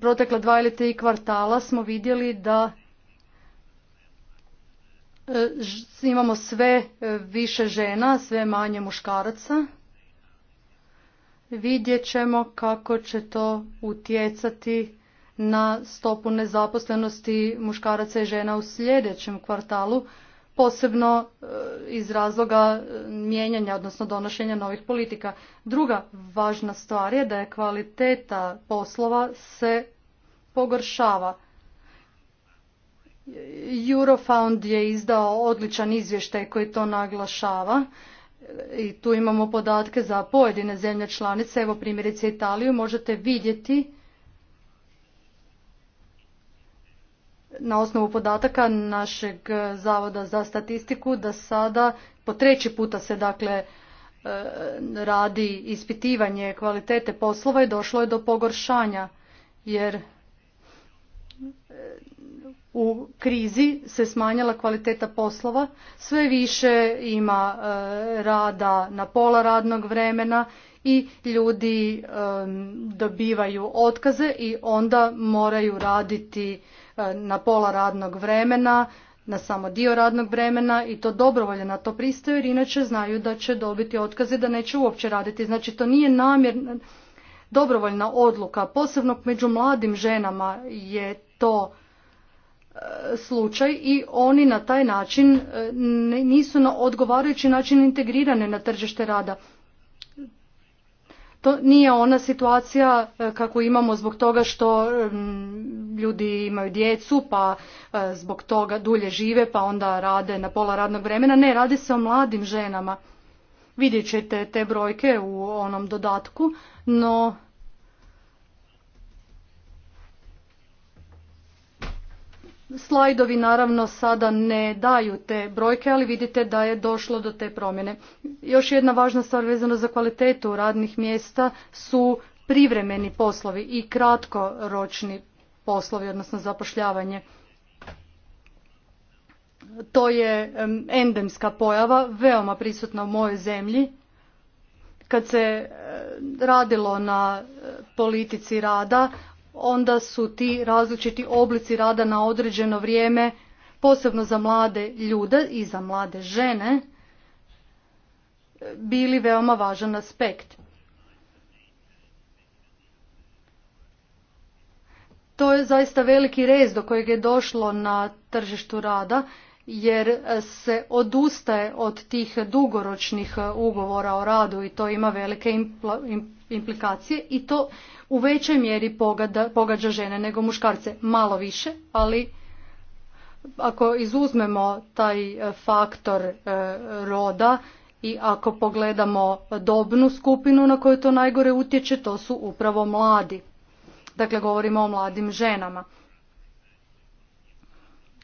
protekla dva ili tri kvartala smo vidjeli da e, imamo sve e, više žena, sve manje muškaraca. Vidjet ćemo kako će to utjecati na stopu nezaposlenosti muškaraca i žena u sljedećem kvartalu posebno e, iz razloga e, mijenjanja, odnosno donošenja novih politika. Druga važna stvar je da je kvaliteta poslova se pogoršava. Eurofound je izdao odličan izvještaj koji to naglašava e, i tu imamo podatke za pojedine zemlje članice, evo primjerice Italiju, možete vidjeti na osnovu podataka našeg e, Zavoda za statistiku da sada po treći puta se dakle e, radi ispitivanje kvalitete poslova i došlo je do pogoršanja jer e, u krizi se smanjila kvaliteta poslova, sve više ima rada na pola radnog vremena i ljudi dobivaju otkaze i onda moraju raditi E, na pola radnog vremena, na samo dio radnog vremena i to dobrovoljno na to pristaju jer inače znaju da će dobiti otkaze da neće uopće raditi. Znači to nije namjer, dobrovoljna odluka, posebno među mladim ženama je to e, slučaj i oni na taj način e, nisu na odgovarajući način integrirane na tržište rada. To nije ona situacija e, kako imamo zbog toga što e, ljudi imaju djecu pa e, zbog toga dulje žive pa onda rade na pola radnog vremena. Ne, radi se o mladim ženama. Vidjet ćete te brojke u onom dodatku, no Slajdovi naravno sada ne daju te brojke, ali vidite da je došlo do te promjene. Još jedna važna stvar vezana za kvalitetu radnih mjesta su privremeni poslovi i kratkoročni poslovi, odnosno zapošljavanje. To je endemska pojava, veoma prisutna u mojoj zemlji. Kad se eh, radilo na eh, politici rada, onda su ti različiti oblici rada na određeno vrijeme, posebno za mlade ljude i za mlade žene, bili veoma važan aspekt. To je zaista veliki rez do kojeg je došlo na tržištu rada jer se odustaje od tih dugoročnih ugovora o radu i to ima velike implikacije i to u većoj mjeri pogađa žene nego muškarce. Malo više, ali ako izuzmemo taj e, faktor e, roda i ako pogledamo dobnu skupinu na koju to najgore utječe, to su upravo mladi. Dakle, govorimo o mladim ženama.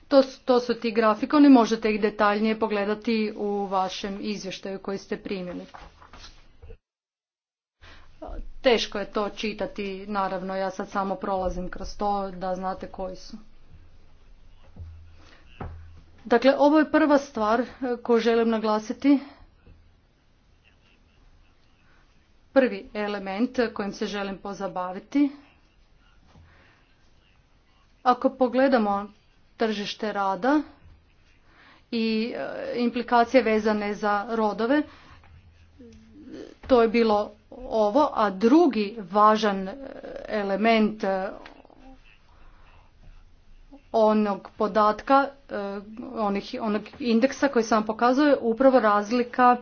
To, to su ti grafikoni, možete ih detaljnije pogledati u vašem izvještaju koji ste primili. Teško je to čitati, naravno ja sad samo prolazim kroz to da znate koji su. Dakle, ovo je prva stvar e, koju želim naglasiti. Prvi element kojim se želim pozabaviti. Ako pogledamo tržište rada i e, implikacije vezane za rodove, to je bilo ovo, a drugi važan e, element e, onog podatka, e, onih, onog indeksa koji sam vam pokazuje, upravo razlika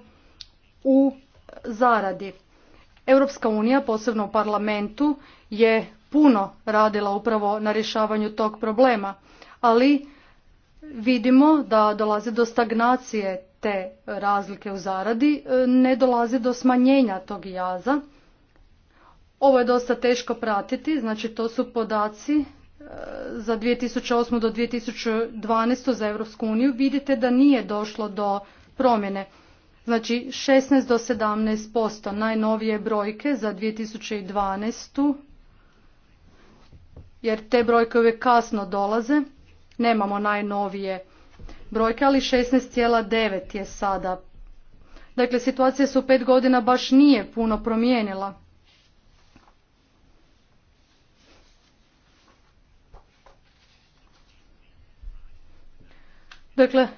u zaradi. Europska unija, posebno u parlamentu, je puno radila upravo na rješavanju tog problema, ali vidimo da dolazi do stagnacije te razlike u zaradi e, ne dolazi do smanjenja tog jaza. Ovo je dosta teško pratiti, znači to su podaci e, za 2008. do 2012. za Europsku uniju. Vidite da nije došlo do promjene. Znači 16 do 17 posto najnovije brojke za 2012. jer te brojke uvijek kasno dolaze. Nemamo najnovije brojka, ali 16,9 je sada. Dakle, situacija se u pet godina baš nije puno promijenila. Dakle,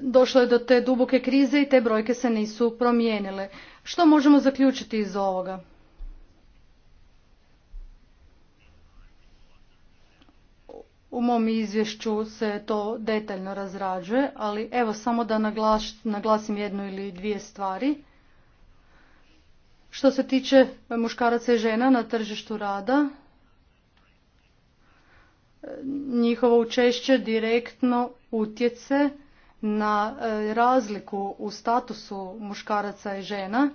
došlo je do te duboke krize i te brojke se nisu promijenile. Što možemo zaključiti iz ovoga? U mom izvješću se to detaljno razrađuje, ali evo samo da naglasim jednu ili dvije stvari. Što se tiče muškaraca i žena na tržištu rada, njihovo učešće direktno utjece na e, razliku u statusu muškaraca i žena,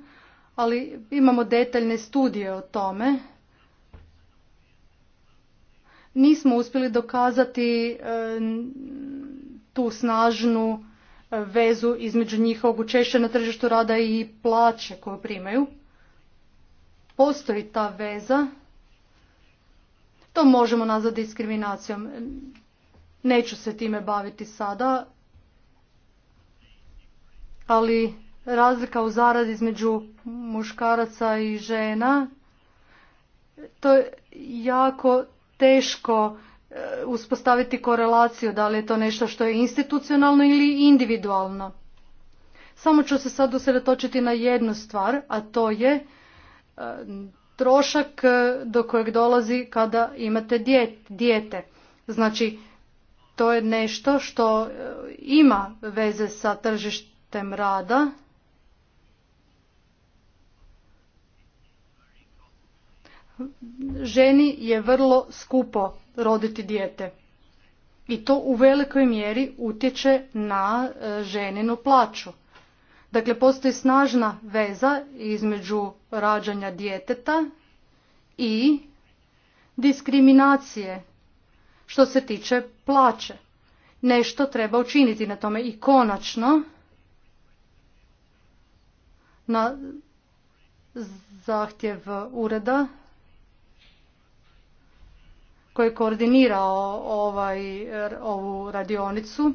ali imamo detaljne studije o tome nismo uspjeli dokazati e, tu snažnu e, vezu između njihovog učešća na tržištu rada i plaće koju primaju. Postoji ta veza. To možemo nazvati diskriminacijom. Neću se time baviti sada, ali razlika u zaradi između muškaraca i žena, to je jako teško e, uspostaviti korelaciju da li je to nešto što je institucionalno ili individualno. Samo ću se sad usredotočiti na jednu stvar, a to je e, trošak e, do kojeg dolazi kada imate dijete. Znači, to je nešto što ima veze sa tržištem rada ženi je vrlo skupo roditi dijete. I to u velikoj mjeri utječe na e, ženinu plaću. Dakle, postoji snažna veza između rađanja djeteta i diskriminacije što se tiče plaće. Nešto treba učiniti na tome. I konačno, na zahtjev ureda koji je koordinirao ovaj, ovu radionicu.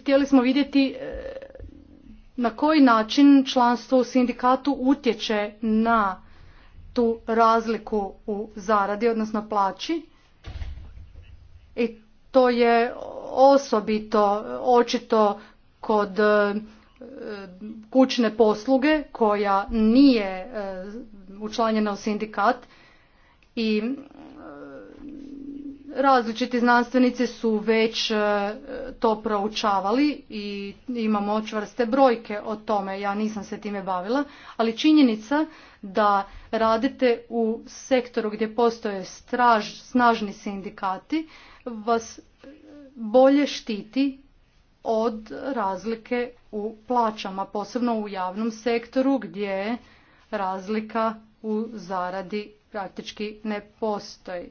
Htjeli smo vidjeti e, na koji način članstvo u sindikatu utječe na tu razliku u zaradi, odnosno plaći. I to je osobito očito kod e, kućne posluge koja nije e, učlanjena u sindikat i e, različiti znanstvenici su već e, to proučavali i imamo čvrste brojke o tome, ja nisam se time bavila, ali činjenica da radite u sektoru gdje postoje snažni sindikati vas bolje štiti od razlike u plaćama, posebno u javnom sektoru gdje je razlika u zaradi praktički ne postoji.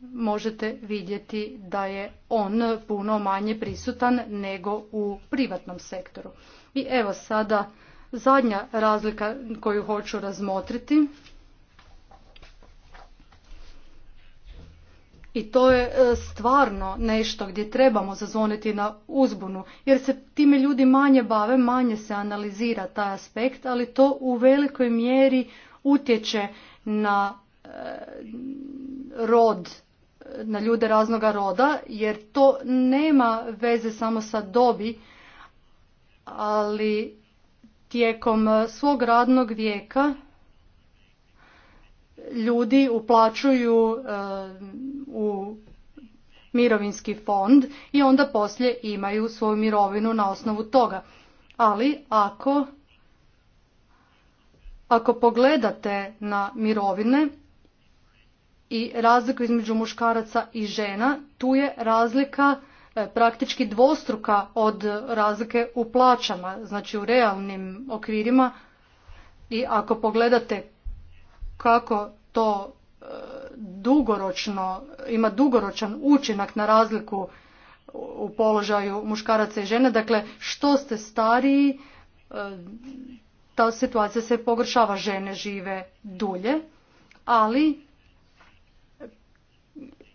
Možete vidjeti da je on puno manje prisutan nego u privatnom sektoru. I evo sada zadnja razlika koju hoću razmotriti. I to je e, stvarno nešto gdje trebamo zazvoniti na uzbunu, jer se time ljudi manje bave, manje se analizira taj aspekt, ali to u velikoj mjeri utječe na e, rod, na ljude raznoga roda, jer to nema veze samo sa dobi, ali tijekom svog radnog vijeka ljudi uplaćuju e, u mirovinski fond i onda poslije imaju svoju mirovinu na osnovu toga. Ali ako ako pogledate na mirovine i razliku između muškaraca i žena, tu je razlika e, praktički dvostruka od razlike u plaćama, znači u realnim okvirima. I ako pogledate kako to e, dugoročno, ima dugoročan učinak na razliku u položaju muškaraca i žene, dakle što ste stariji, e, ta situacija se pogoršava, žene žive dulje, ali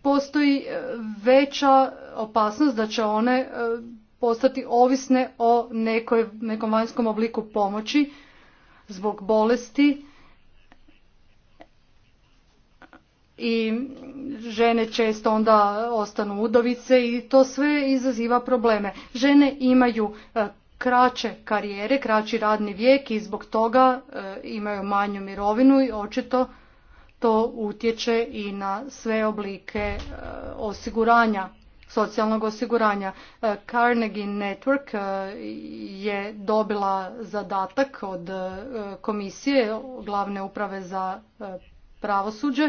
postoji e, veća opasnost da će one e, postati ovisne o nekoj, nekom vanjskom obliku pomoći zbog bolesti i žene često onda ostanu udovice i to sve izaziva probleme. Žene imaju e, kraće karijere, kraći radni vijek i zbog toga e, imaju manju mirovinu i očito to utječe i na sve oblike e, osiguranja, socijalnog osiguranja. E, Carnegie Network je dobila zadatak od komisije glavne uprave za pravosuđe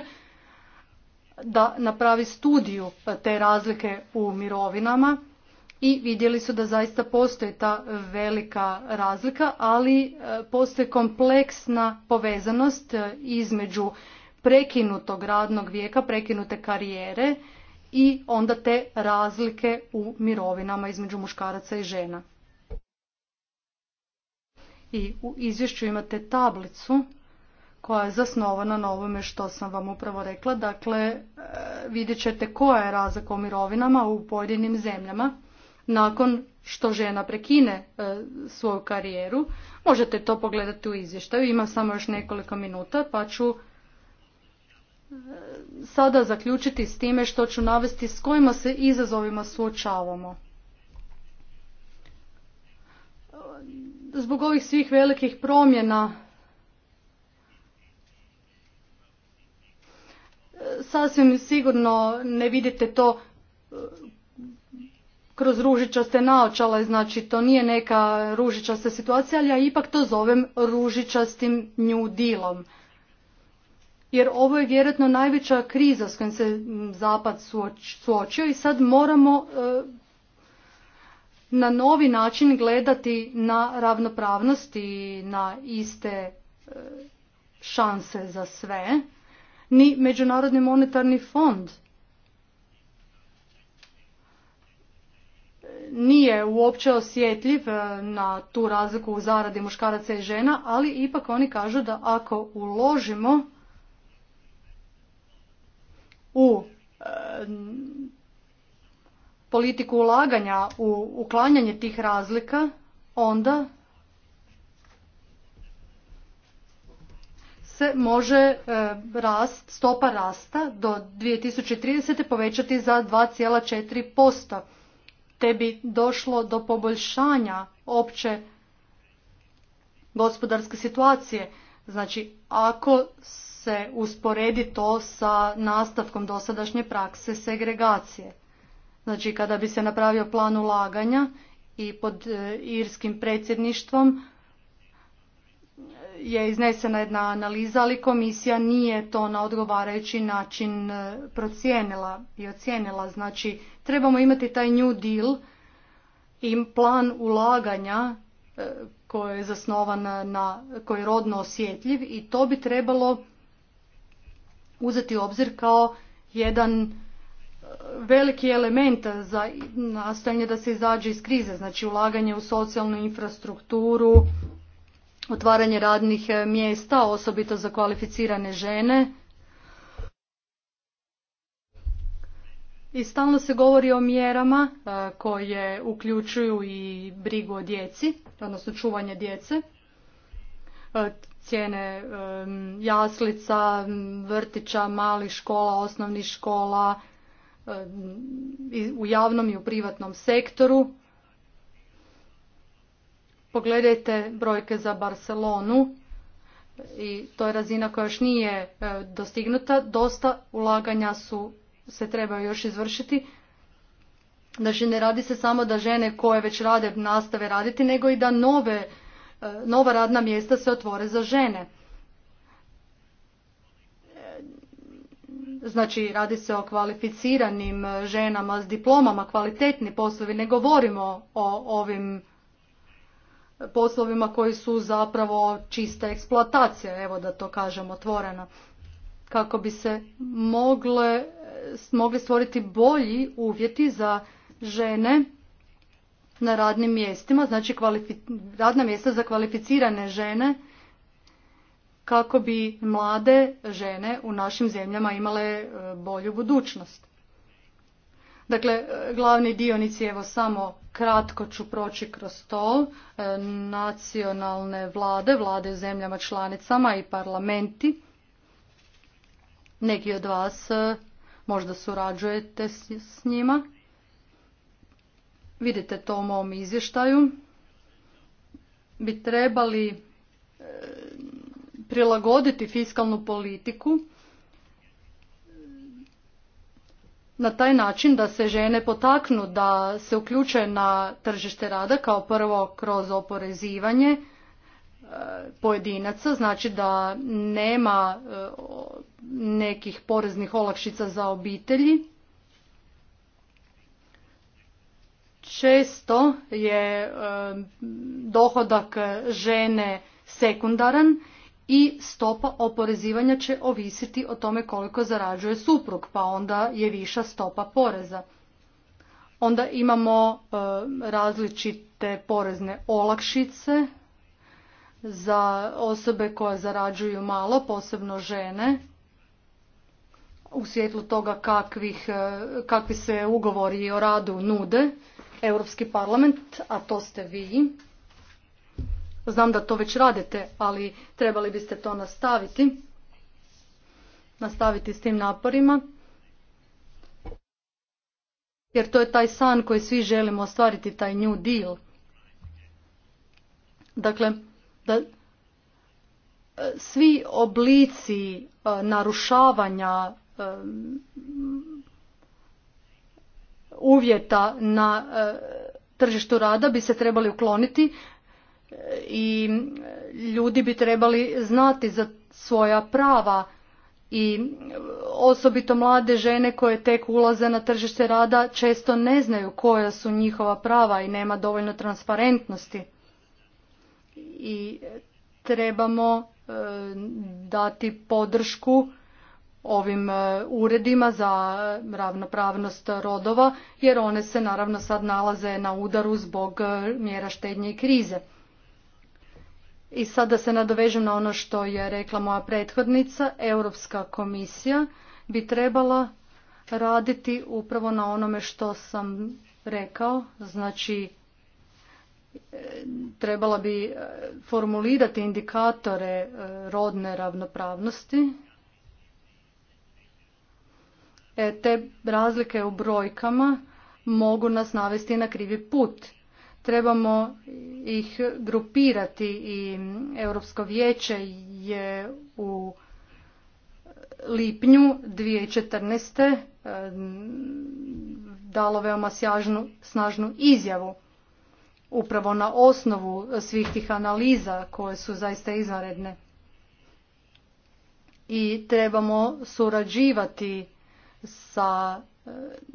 da napravi studiju te razlike u mirovinama i vidjeli su da zaista postoji ta velika razlika, ali e, postoji kompleksna povezanost e, između prekinutog radnog vijeka, prekinute karijere i onda te razlike u mirovinama između muškaraca i žena. I u izvješću imate tablicu koja je zasnovana na ovome što sam vam upravo rekla. Dakle, e, vidjet ćete koja je razlika u mirovinama u pojedinim zemljama nakon što žena prekine e, svoju karijeru. Možete to pogledati u izvještaju, Ima samo još nekoliko minuta pa ću e, sada zaključiti s time što ću navesti s kojima se izazovima suočavamo. Zbog ovih svih velikih promjena e, sasvim sigurno ne vidite to kroz ružičaste naočale, znači to nije neka ružičasta situacija, ali ja ipak to zovem ružičastim nju dilom. Jer ovo je vjerojatno najveća kriza s kojom se Zapad suočio i sad moramo e, na novi način gledati na ravnopravnost i na iste e, šanse za sve. Ni Međunarodni monetarni fond nije uopće osjetljiv e, na tu razliku u zaradi muškaraca i žena, ali ipak oni kažu da ako uložimo u e, politiku ulaganja u uklanjanje tih razlika, onda se može e, rast, stopa rasta do 2030. povećati za 2,4% bi došlo do poboljšanja opće gospodarske situacije. Znači, ako se usporedi to sa nastavkom dosadašnje prakse segregacije. Znači, kada bi se napravio plan ulaganja i pod e, irskim predsjedništvom je iznesena jedna analiza, ali komisija nije to na odgovarajući način e, procijenila i ocijenila. Znači, trebamo imati taj new deal i plan ulaganja e, koji je zasnovan na, koji je rodno osjetljiv i to bi trebalo uzeti u obzir kao jedan e, veliki element za nastojanje da se izađe iz krize, znači ulaganje u socijalnu infrastrukturu, otvaranje radnih e, mjesta, osobito za kvalificirane žene. I stalno se govori o mjerama e, koje uključuju i brigu o djeci, odnosno čuvanje djece, e, cijene jaslica, vrtića, malih škola, osnovnih škola, u javnom i u privatnom sektoru, Pogledajte brojke za Barcelonu i to je razina koja još nije e, dostignuta. Dosta ulaganja su, se trebaju još izvršiti. Znači ne radi se samo da žene koje već rade nastave raditi, nego i da nove, e, nova radna mjesta se otvore za žene. E, znači radi se o kvalificiranim ženama s diplomama, kvalitetni poslovi, ne govorimo o ovim poslovima koji su zapravo čista eksploatacija, evo da to kažem otvoreno, kako bi se mogle, mogli stvoriti bolji uvjeti za žene na radnim mjestima, znači radna mjesta za kvalificirane žene kako bi mlade žene u našim zemljama imale e, bolju budućnost. Dakle, glavni dionici, evo samo kratko ću proći kroz to, e, nacionalne vlade, vlade u zemljama članicama i parlamenti. Neki od vas e, možda surađujete s njima. Vidite to u mom izvještaju. Bi trebali e, prilagoditi fiskalnu politiku na taj način da se žene potaknu da se uključe na tržište rada kao prvo kroz oporezivanje e, pojedinaca, znači da nema e, nekih poreznih olakšica za obitelji. Često je e, dohodak žene sekundaran i stopa oporezivanja će ovisiti o tome koliko zarađuje suprug, pa onda je viša stopa poreza. Onda imamo e, različite porezne olakšice za osobe koje zarađuju malo, posebno žene, u svjetlu toga e, kakvi se ugovori o radu nude, Europski parlament, a to ste vi, Znam da to već radite, ali trebali biste to nastaviti. Nastaviti s tim naporima. Jer to je taj san koji svi želimo ostvariti, taj new deal. Dakle, da e, svi oblici e, narušavanja e, uvjeta na tržištu rada bi se trebali ukloniti i ljudi bi trebali znati za svoja prava i osobito mlade žene koje tek ulaze na tržište rada često ne znaju koja su njihova prava i nema dovoljno transparentnosti. I trebamo e, dati podršku ovim e, uredima za ravnopravnost rodova jer one se naravno sad nalaze na udaru zbog e, mjera štednje i krize. I sad da se nadovežem na ono što je rekla moja prethodnica, Europska komisija bi trebala raditi upravo na onome što sam rekao, znači e, trebala bi e, formulirati indikatore e, rodne ravnopravnosti. te razlike u brojkama mogu nas navesti na krivi put trebamo ih grupirati i Europsko vijeće je u lipnju 2014. E, dalo veoma sjažnu, snažnu izjavu upravo na osnovu svih tih analiza koje su zaista izvanredne. I trebamo surađivati sa e,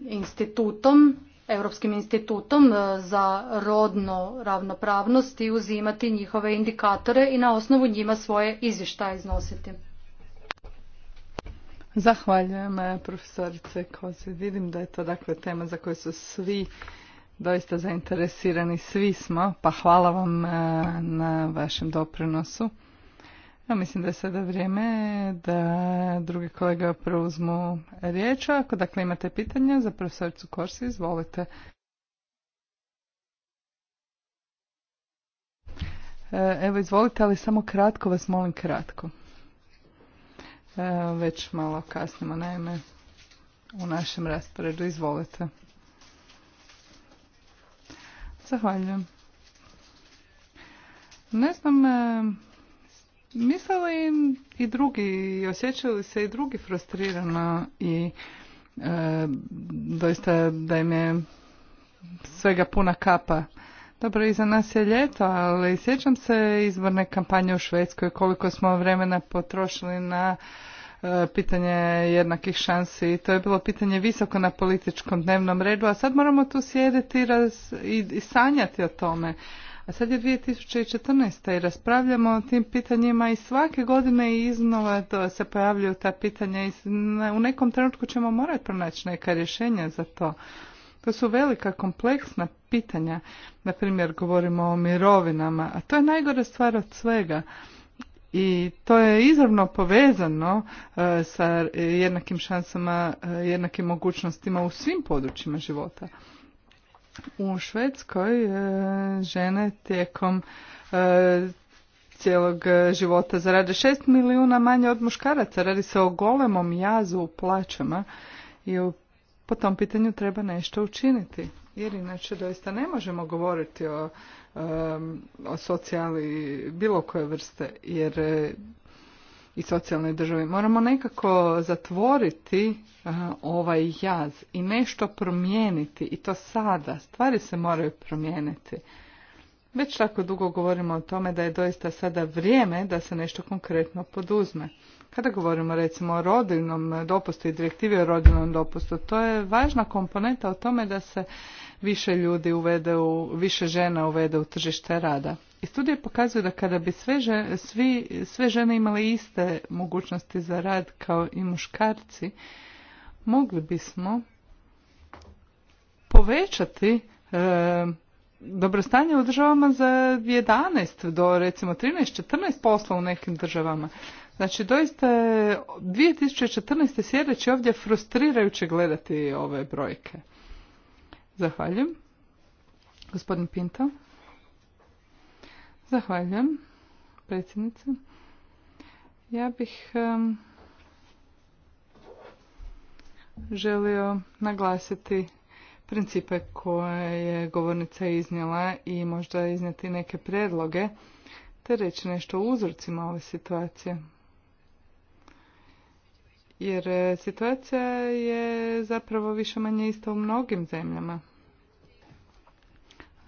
institutom Europskim institutom e, za rodno ravnopravnost i uzimati njihove indikatore i na osnovu njima svoje izvještaje iznositi. Zahvaljujem e, profesorice Kozi. Vidim da je to dakle tema za koju su svi doista zainteresirani, svi smo, pa hvala vam e, na vašem doprinosu. Ja mislim da je sada vrijeme da drugi kolega preuzmu riječ. Ako dakle imate pitanja za profesoricu Korsi, izvolite. E, evo izvolite, ali samo kratko vas molim kratko. E, već malo kasnimo, naime, u našem rasporedu. Izvolite. Zahvaljujem. Ne znam, e, Mislili i drugi, osjećaju se i drugi frustrirano i e, doista da im je svega puna kapa? Dobro, iza nas je ljeto, ali sjećam se izborne kampanje u Švedskoj, koliko smo vremena potrošili na e, pitanje jednakih šansi. To je bilo pitanje visoko na političkom dnevnom redu, a sad moramo tu sjediti raz, i, i sanjati o tome. A sad je 2014. i raspravljamo o tim pitanjima i svake godine iznova se pojavljuju ta pitanja i u nekom trenutku ćemo morati pronaći neka rješenja za to. To su velika kompleksna pitanja. Na primjer, govorimo o mirovinama, a to je najgore stvar od svega. I to je izravno povezano e, sa jednakim šansama, e, jednakim mogućnostima u svim područjima života. U Švedskoj e, žene tijekom e, cijelog života zarade šest milijuna manje od muškaraca. Radi se o golemom jazu u plaćama i po tom pitanju treba nešto učiniti. Jer inače doista ne možemo govoriti o, e, o socijali bilo koje vrste jer i socijalnoj državi. Moramo nekako zatvoriti ovaj jaz i nešto promijeniti i to sada. Stvari se moraju promijeniti. Već tako dugo govorimo o tome da je doista sada vrijeme da se nešto konkretno poduzme. Kada govorimo recimo o rodiljnom dopustu i direktivi o rodiljnom dopustu, to je važna komponenta o tome da se više ljudi uvede u, više žena uvede u tržište rada. I studije pokazuju da kada bi sve žene, imale iste mogućnosti za rad kao i muškarci, mogli bismo povećati e, dobrostanje u državama za 11 do recimo 13, 14 posla u nekim državama. Znači doista 2014. sjedeći ovdje frustrirajuće gledati ove brojke. Zahvaljujem. Gospodin Pinto. Zahvaljujem, predsjednice. Ja bih želio naglasiti principe koje je govornica iznijela i možda iznijeti neke predloge te reći nešto o uzorcima ove situacije. Jer e, situacija je zapravo više manje ista u mnogim zemljama.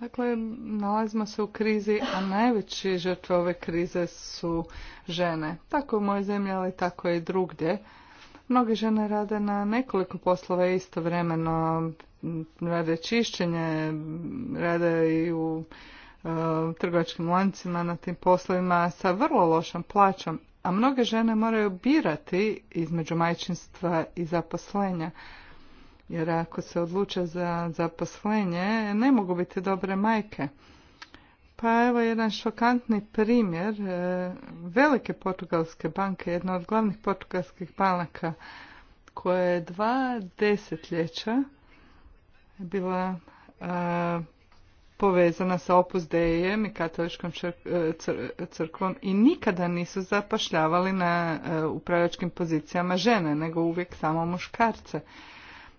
Dakle, nalazimo se u krizi, a najveći žrtve ove krize su žene. Tako u mojoj zemlji, ali tako i drugdje. Mnoge žene rade na nekoliko poslova istovremeno, rade čišćenje, rade i u e, trgovačkim lancima na tim poslovima sa vrlo lošom plaćom, a mnoge žene moraju birati između majčinstva i zaposlenja jer ako se odluče za zaposlenje ne mogu biti dobre majke. Pa evo jedan šokantni primjer. E, velike portugalske banke, jedna od glavnih portugalskih banaka koja je dva desetljeća bila e, povezana sa Opus i katoličkom e, crkvom i nikada nisu zapošljavali na upravljačkim pozicijama žene, nego uvijek samo muškarce.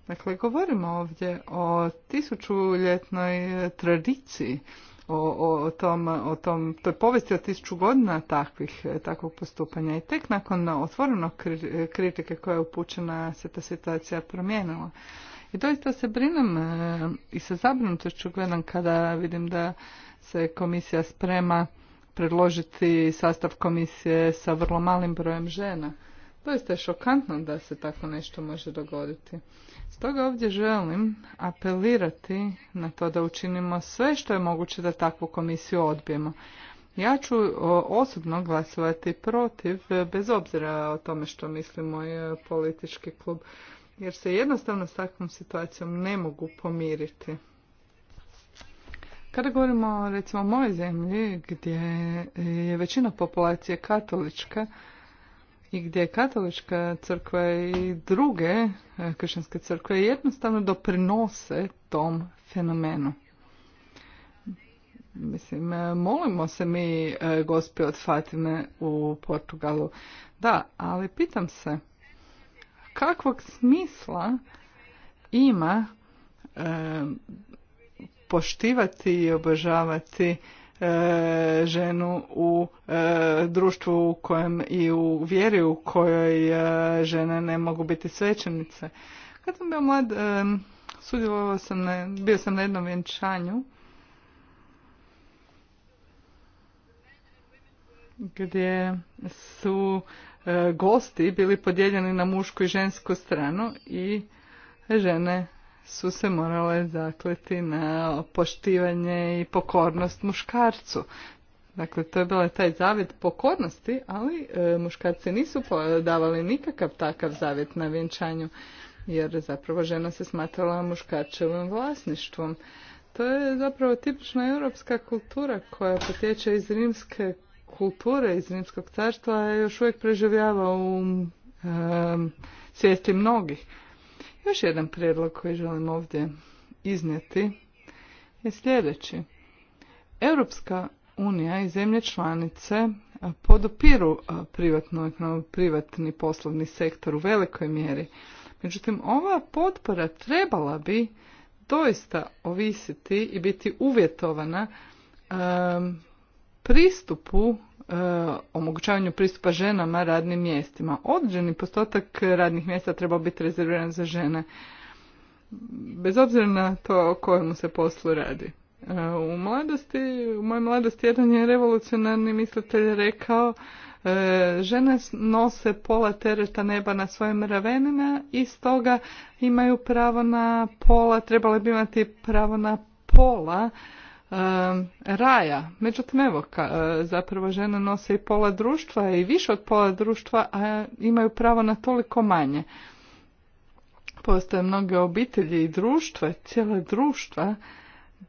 Dakle, govorimo ovdje o tisućuljetnoj e, tradiciji, o, o, tom, o tom, toj povijesti od tisuću godina takvih, e, takvog postupanja. I tek nakon otvorenog e, kritike koja je upućena se ta situacija promijenila. I doista se brinem i sa zabrinutošću gledam kada vidim da se komisija sprema predložiti sastav komisije sa vrlo malim brojem žena. Doista je šokantno da se tako nešto može dogoditi. Stoga ovdje želim apelirati na to da učinimo sve što je moguće da takvu komisiju odbijemo. Ja ću osobno glasovati protiv, bez obzira o tome što misli moj e, politički klub, jer se jednostavno s takvom situacijom ne mogu pomiriti. Kada govorimo recimo o mojoj zemlji, gdje e, je većina populacije katolička, i gdje je katolička crkva i druge e, kršćanske crkve jednostavno doprinose tom fenomenu. Mislim, e, molimo se mi e, gospi od Fatime u Portugalu. Da, ali pitam se, kakvog smisla ima poštivati i obožavati E, ženu u e, društvu u kojem i u vjeri u kojoj e, žene ne mogu biti svećenice. Kad sam bio mlad, sudjelovao sam, na, bio sam na jednom vjenčanju gdje su gosti bili podijeljeni na mušku i žensku stranu i žene su se morale zakleti na poštivanje i pokornost muškarcu. Dakle, to je bila taj zavjet pokornosti, ali e, muškarci nisu davali nikakav takav zavjet na vjenčanju, jer zapravo žena se smatrala muškarčevim vlasništvom. To je zapravo tipična europska kultura koja potječe iz rimske kulture, iz rimskog carstva, a još uvijek preživljava u e, svijesti mnogih. Još jedan prijedlog koji želim ovdje iznijeti je sljedeći. Europska unija i zemlje članice podupiru privatno, privatni poslovni sektor u velikoj mjeri. Međutim, ova potpora trebala bi doista ovisiti i biti uvjetovana pristupu E, omogućavanju pristupa ženama radnim mjestima. Određeni postotak radnih mjesta treba biti rezerviran za žene, bez obzira na to o kojemu se poslu radi. E, u mladosti, u mojoj mladosti jedan je revolucionarni mislitelj rekao e, žene nose pola tereta neba na svojim ravenima i stoga imaju pravo na pola, trebale bi imati pravo na pola raja. Međutim, evo, e, zapravo žene nose i pola društva i više od pola društva, a imaju pravo na toliko manje. Postoje mnoge obitelji i društva, cijele društva,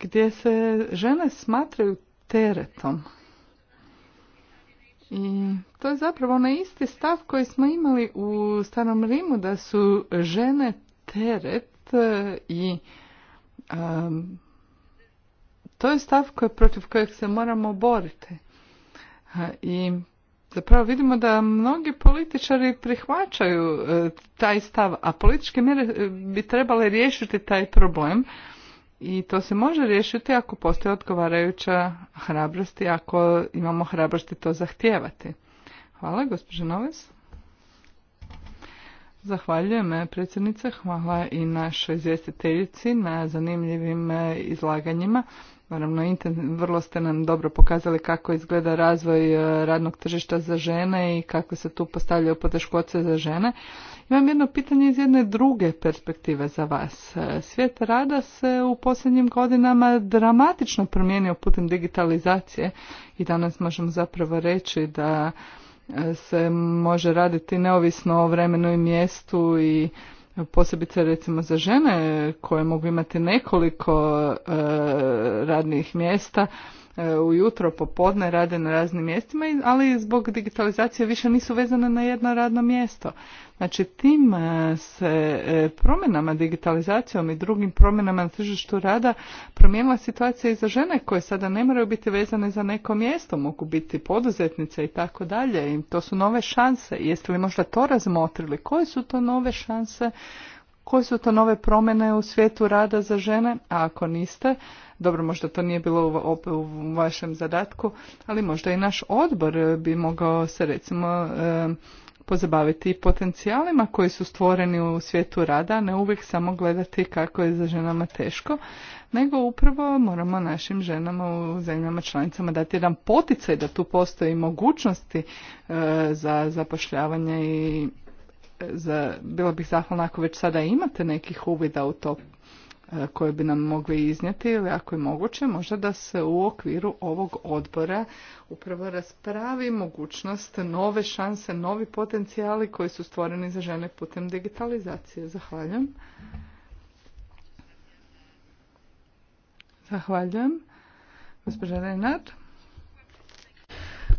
gdje se žene smatraju teretom. I to je zapravo onaj isti stav koji smo imali u Starom Rimu, da su žene teret e, i um, to je stav protiv kojeg se moramo boriti. I zapravo vidimo da mnogi političari prihvaćaju e, taj stav, a političke mjere e, bi trebale riješiti taj problem i to se može riješiti ako postoji odgovarajuća hrabrost i ako imamo hrabrosti to zahtijevati. Hvala, gospođa Noves. Zahvaljujem e, predsjednice, hvala i našoj izvjestiteljici na zanimljivim izlaganjima. Naravno, vrlo ste nam dobro pokazali kako izgleda razvoj e, radnog tržišta za žene i kako se tu postavljaju poteškoće za žene. Imam jedno pitanje iz jedne druge perspektive za vas. E, svijet rada se u posljednjim godinama dramatično promijenio putem digitalizacije i danas možemo zapravo reći da e, se može raditi neovisno o vremenu i mjestu i posebice recimo za žene koje mogu imati nekoliko e, radnih mjesta ujutro, popodne rade na raznim mjestima, ali zbog digitalizacije više nisu vezane na jedno radno mjesto. Znači tim e, se e, promjenama, digitalizacijom i drugim promjenama na tržištu rada promijenila situacija i za žene koje sada ne moraju biti vezane za neko mjesto, mogu biti poduzetnice i tako dalje. I to su nove šanse. Jeste li možda to razmotrili? Koje su to nove šanse koje su to nove promjene u svijetu rada za žene, a ako niste, dobro možda to nije bilo u, vašem zadatku, ali možda i naš odbor eh, bi mogao se recimo eh, pozabaviti potencijalima koji su stvoreni u svijetu rada, ne uvijek samo gledati kako je za ženama teško, nego upravo moramo našim ženama u zemljama članicama dati jedan poticaj da tu postoji mogućnosti eh, za zapošljavanje i za, bila bih zahvalna ako već sada imate nekih uvida u to e, koje bi nam mogli iznijeti ili ako je moguće možda da se u okviru ovog odbora upravo raspravi mogućnost nove šanse, novi potencijali koji su stvoreni za žene putem digitalizacije. Zahvaljujem. Zahvaljujem. Gospođa Renat.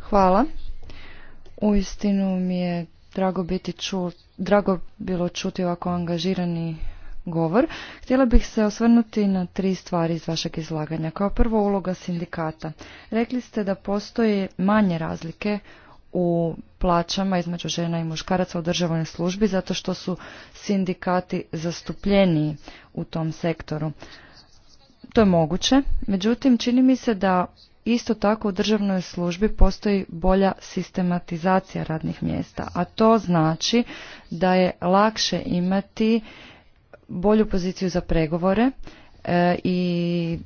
Hvala. Uistinu mi je drago, biti ču, drago bilo čuti ovako angažirani govor. Htjela bih se osvrnuti na tri stvari iz vašeg izlaganja. Kao prvo uloga sindikata. Rekli ste da postoje manje razlike u plaćama između žena i muškaraca u državnoj službi zato što su sindikati zastupljeniji u tom sektoru. To je moguće, međutim čini mi se da isto tako u državnoj službi postoji bolja sistematizacija radnih mjesta, a to znači da je lakše imati bolju poziciju za pregovore e, i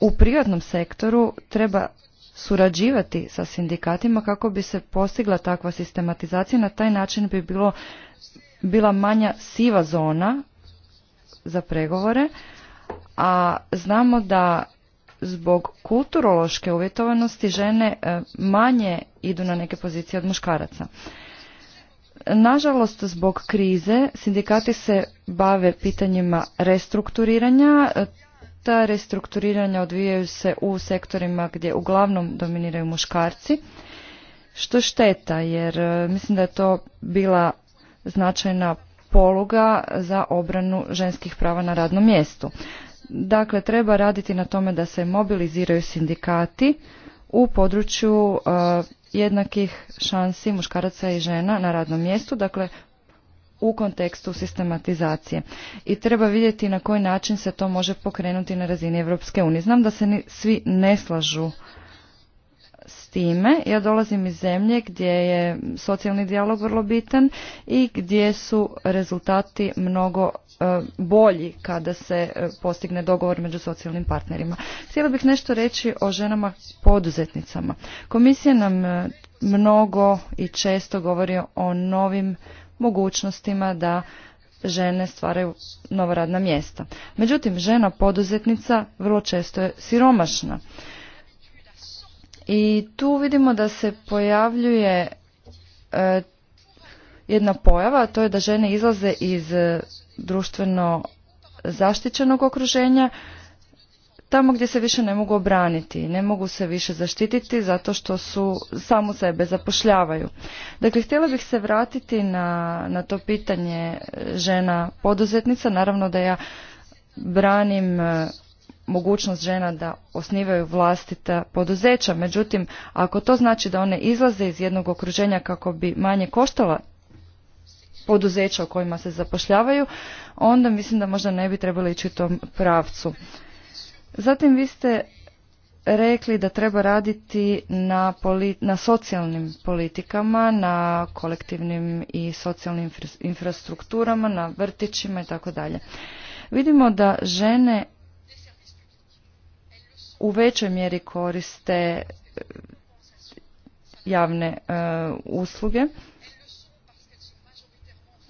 u privatnom sektoru treba surađivati sa sindikatima kako bi se postigla takva sistematizacija. Na taj način bi bilo, bila manja siva zona za pregovore, a znamo da zbog kulturološke uvjetovanosti žene e, manje idu na neke pozicije od muškaraca. Nažalost, zbog krize sindikati se bave pitanjima restrukturiranja. E, ta restrukturiranja odvijaju se u sektorima gdje uglavnom dominiraju muškarci, što šteta jer e, mislim da je to bila značajna poluga za obranu ženskih prava na radnom mjestu. Dakle, treba raditi na tome da se mobiliziraju sindikati u području e, jednakih šansi muškaraca i žena na radnom mjestu, dakle u kontekstu sistematizacije. I treba vidjeti na koji način se to može pokrenuti na razini Europske unije. Znam da se ni, svi ne slažu time. Ja dolazim iz zemlje gdje je socijalni dijalog vrlo bitan i gdje su rezultati mnogo e, bolji kada se e, postigne dogovor među socijalnim partnerima. Htjela bih nešto reći o ženama poduzetnicama. Komisija nam e, mnogo i često govori o novim mogućnostima da žene stvaraju nova radna mjesta. Međutim, žena poduzetnica vrlo često je siromašna. I tu vidimo da se pojavljuje e, jedna pojava, to je da žene izlaze iz e, društveno zaštićenog okruženja tamo gdje se više ne mogu obraniti, ne mogu se više zaštititi zato što su samo sebe zapošljavaju. Dakle, htjela bih se vratiti na, na to pitanje e, žena poduzetnica. Naravno da ja branim mogućnost žena da osnivaju vlastita poduzeća. Međutim, ako to znači da one izlaze iz jednog okruženja kako bi manje koštala poduzeća u kojima se zapošljavaju, onda mislim da možda ne bi trebali ići u tom pravcu. Zatim vi ste rekli da treba raditi na, na socijalnim politikama, na kolektivnim i socijalnim infrastrukturama, na vrtićima i tako dalje. Vidimo da žene u većoj mjeri koriste e, javne e, usluge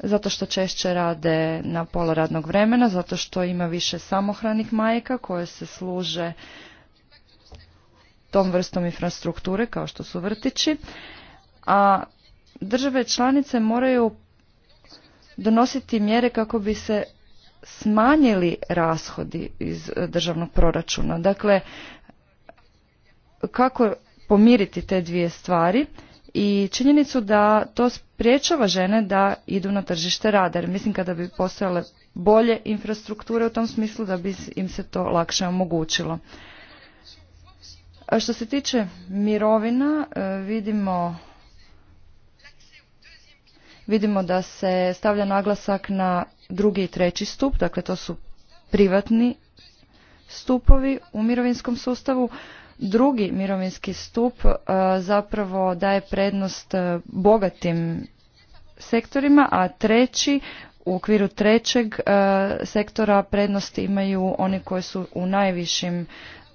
zato što češće rade na pola radnog vremena, zato što ima više samohranih majka koje se služe tom vrstom infrastrukture kao što su vrtići, a države članice moraju donositi mjere kako bi se smanjili rashodi iz e, državnog proračuna. Dakle, kako pomiriti te dvije stvari i činjenicu da to spriječava žene da idu na tržište rada. Jer mislim kada bi postojale bolje infrastrukture u tom smislu da bi im se to lakše omogućilo. A što se tiče mirovina, e, vidimo vidimo da se stavlja naglasak na drugi i treći stup, dakle to su privatni stupovi u mirovinskom sustavu. Drugi mirovinski stup e, zapravo daje prednost e, bogatim sektorima, a treći u okviru trećeg e, sektora prednosti imaju oni koji su u najvišim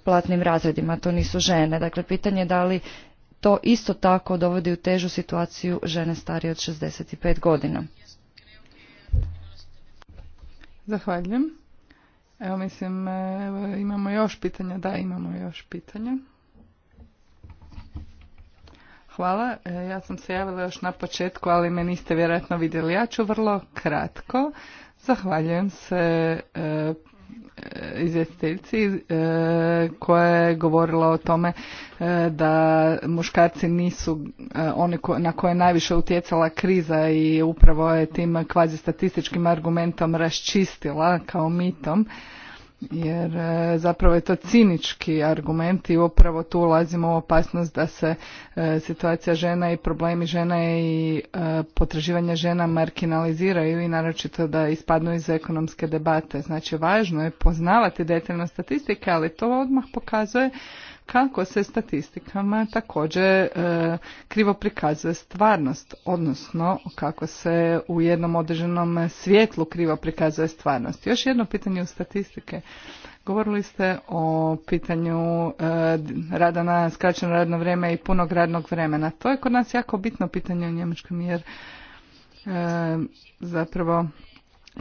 platnim razredima, to nisu žene. Dakle, pitanje je da li to isto tako dovodi u težu situaciju žene starije od 65 godina. Zahvaljujem. Evo mislim, e, imamo još pitanja. Da, imamo još pitanja. Hvala. E, ja sam se javila još na početku, ali me niste vjerojatno vidjeli. Ja ću vrlo kratko. Zahvaljujem se e, Eh, izvjestiteljici eh, koja je govorila o tome eh, da muškarci nisu oni na koje je najviše utjecala kriza i upravo je tim kvazi statističkim argumentom raščistila kao mitom jer e, zapravo je to cinički argument i upravo tu ulazimo u opasnost da se e, situacija žena i problemi žena i e, potraživanja žena marginaliziraju i naročito da ispadnu iz ekonomske debate. Znači važno je poznavati detaljno statistike, ali to odmah pokazuje kako se statistikama također e, krivo prikazuje stvarnost, odnosno kako se u jednom određenom svjetlu krivo prikazuje stvarnost. Još jedno pitanje u statistike. Govorili ste o pitanju e, rada na skraćeno radno vrijeme i punog radnog vremena. To je kod nas jako bitno pitanje u Njemačkom jer e, zapravo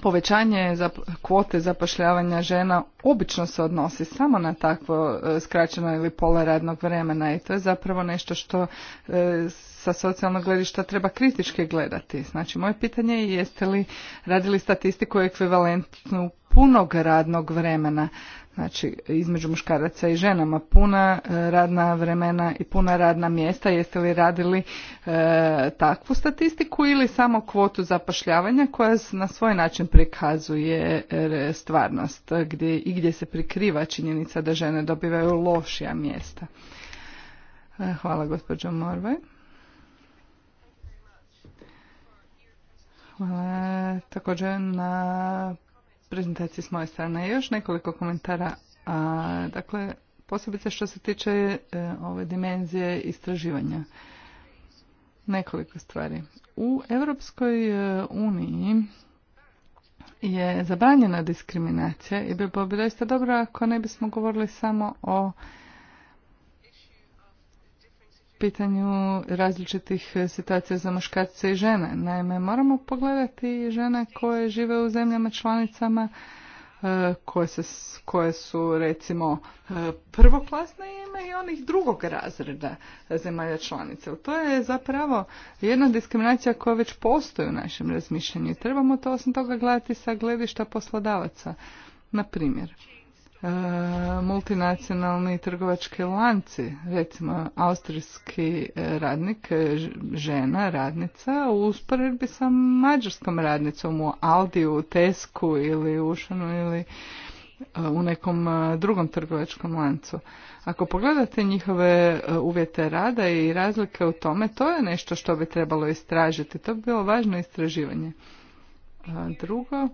povećanje za kvote zapošljavanja žena obično se odnosi samo na takvo e, skraćeno ili pola radnog vremena i to je zapravo nešto što e, sa socijalnog gledišta treba kritički gledati. Znači, moje pitanje je jeste li radili statistiku ekvivalentnu punog radnog vremena znači između muškaraca i ženama puna e, radna vremena i puna radna mjesta jeste li radili e, takvu statistiku ili samo kvotu zapošljavanja koja na svoj način prikazuje e, stvarnost gdje i gdje se prikriva činjenica da žene dobivaju lošija mjesta hvala gospođo morvaj hvala također na prezentaciji s moje strane. Još nekoliko komentara. A, dakle, posebice što se tiče e, ove dimenzije istraživanja. Nekoliko stvari. U Europskoj e, uniji je zabranjena diskriminacija i bilo bi doista dobro ako ne bismo govorili samo o pitanju različitih situacija za muškarce i žene. Naime, moramo pogledati žene koje žive u zemljama članicama e, koje, se, koje su recimo e, prvoklasne ime i onih drugog razreda zemalja članice. To je zapravo jedna diskriminacija koja već postoji u našem razmišljanju. Trebamo to osim toga gledati sa gledišta poslodavaca. Na primjer, E, multinacionalni trgovački lanci, recimo austrijski e, radnik, e, žena, radnica, u usporedbi sa mađarskom radnicom u Aldi, Tesku ili Ušanu ili u nekom drugom trgovačkom lancu. Ako pogledate njihove uvjete rada i razlike u tome, to je nešto što bi trebalo istražiti. To bi bilo važno istraživanje. Drugo,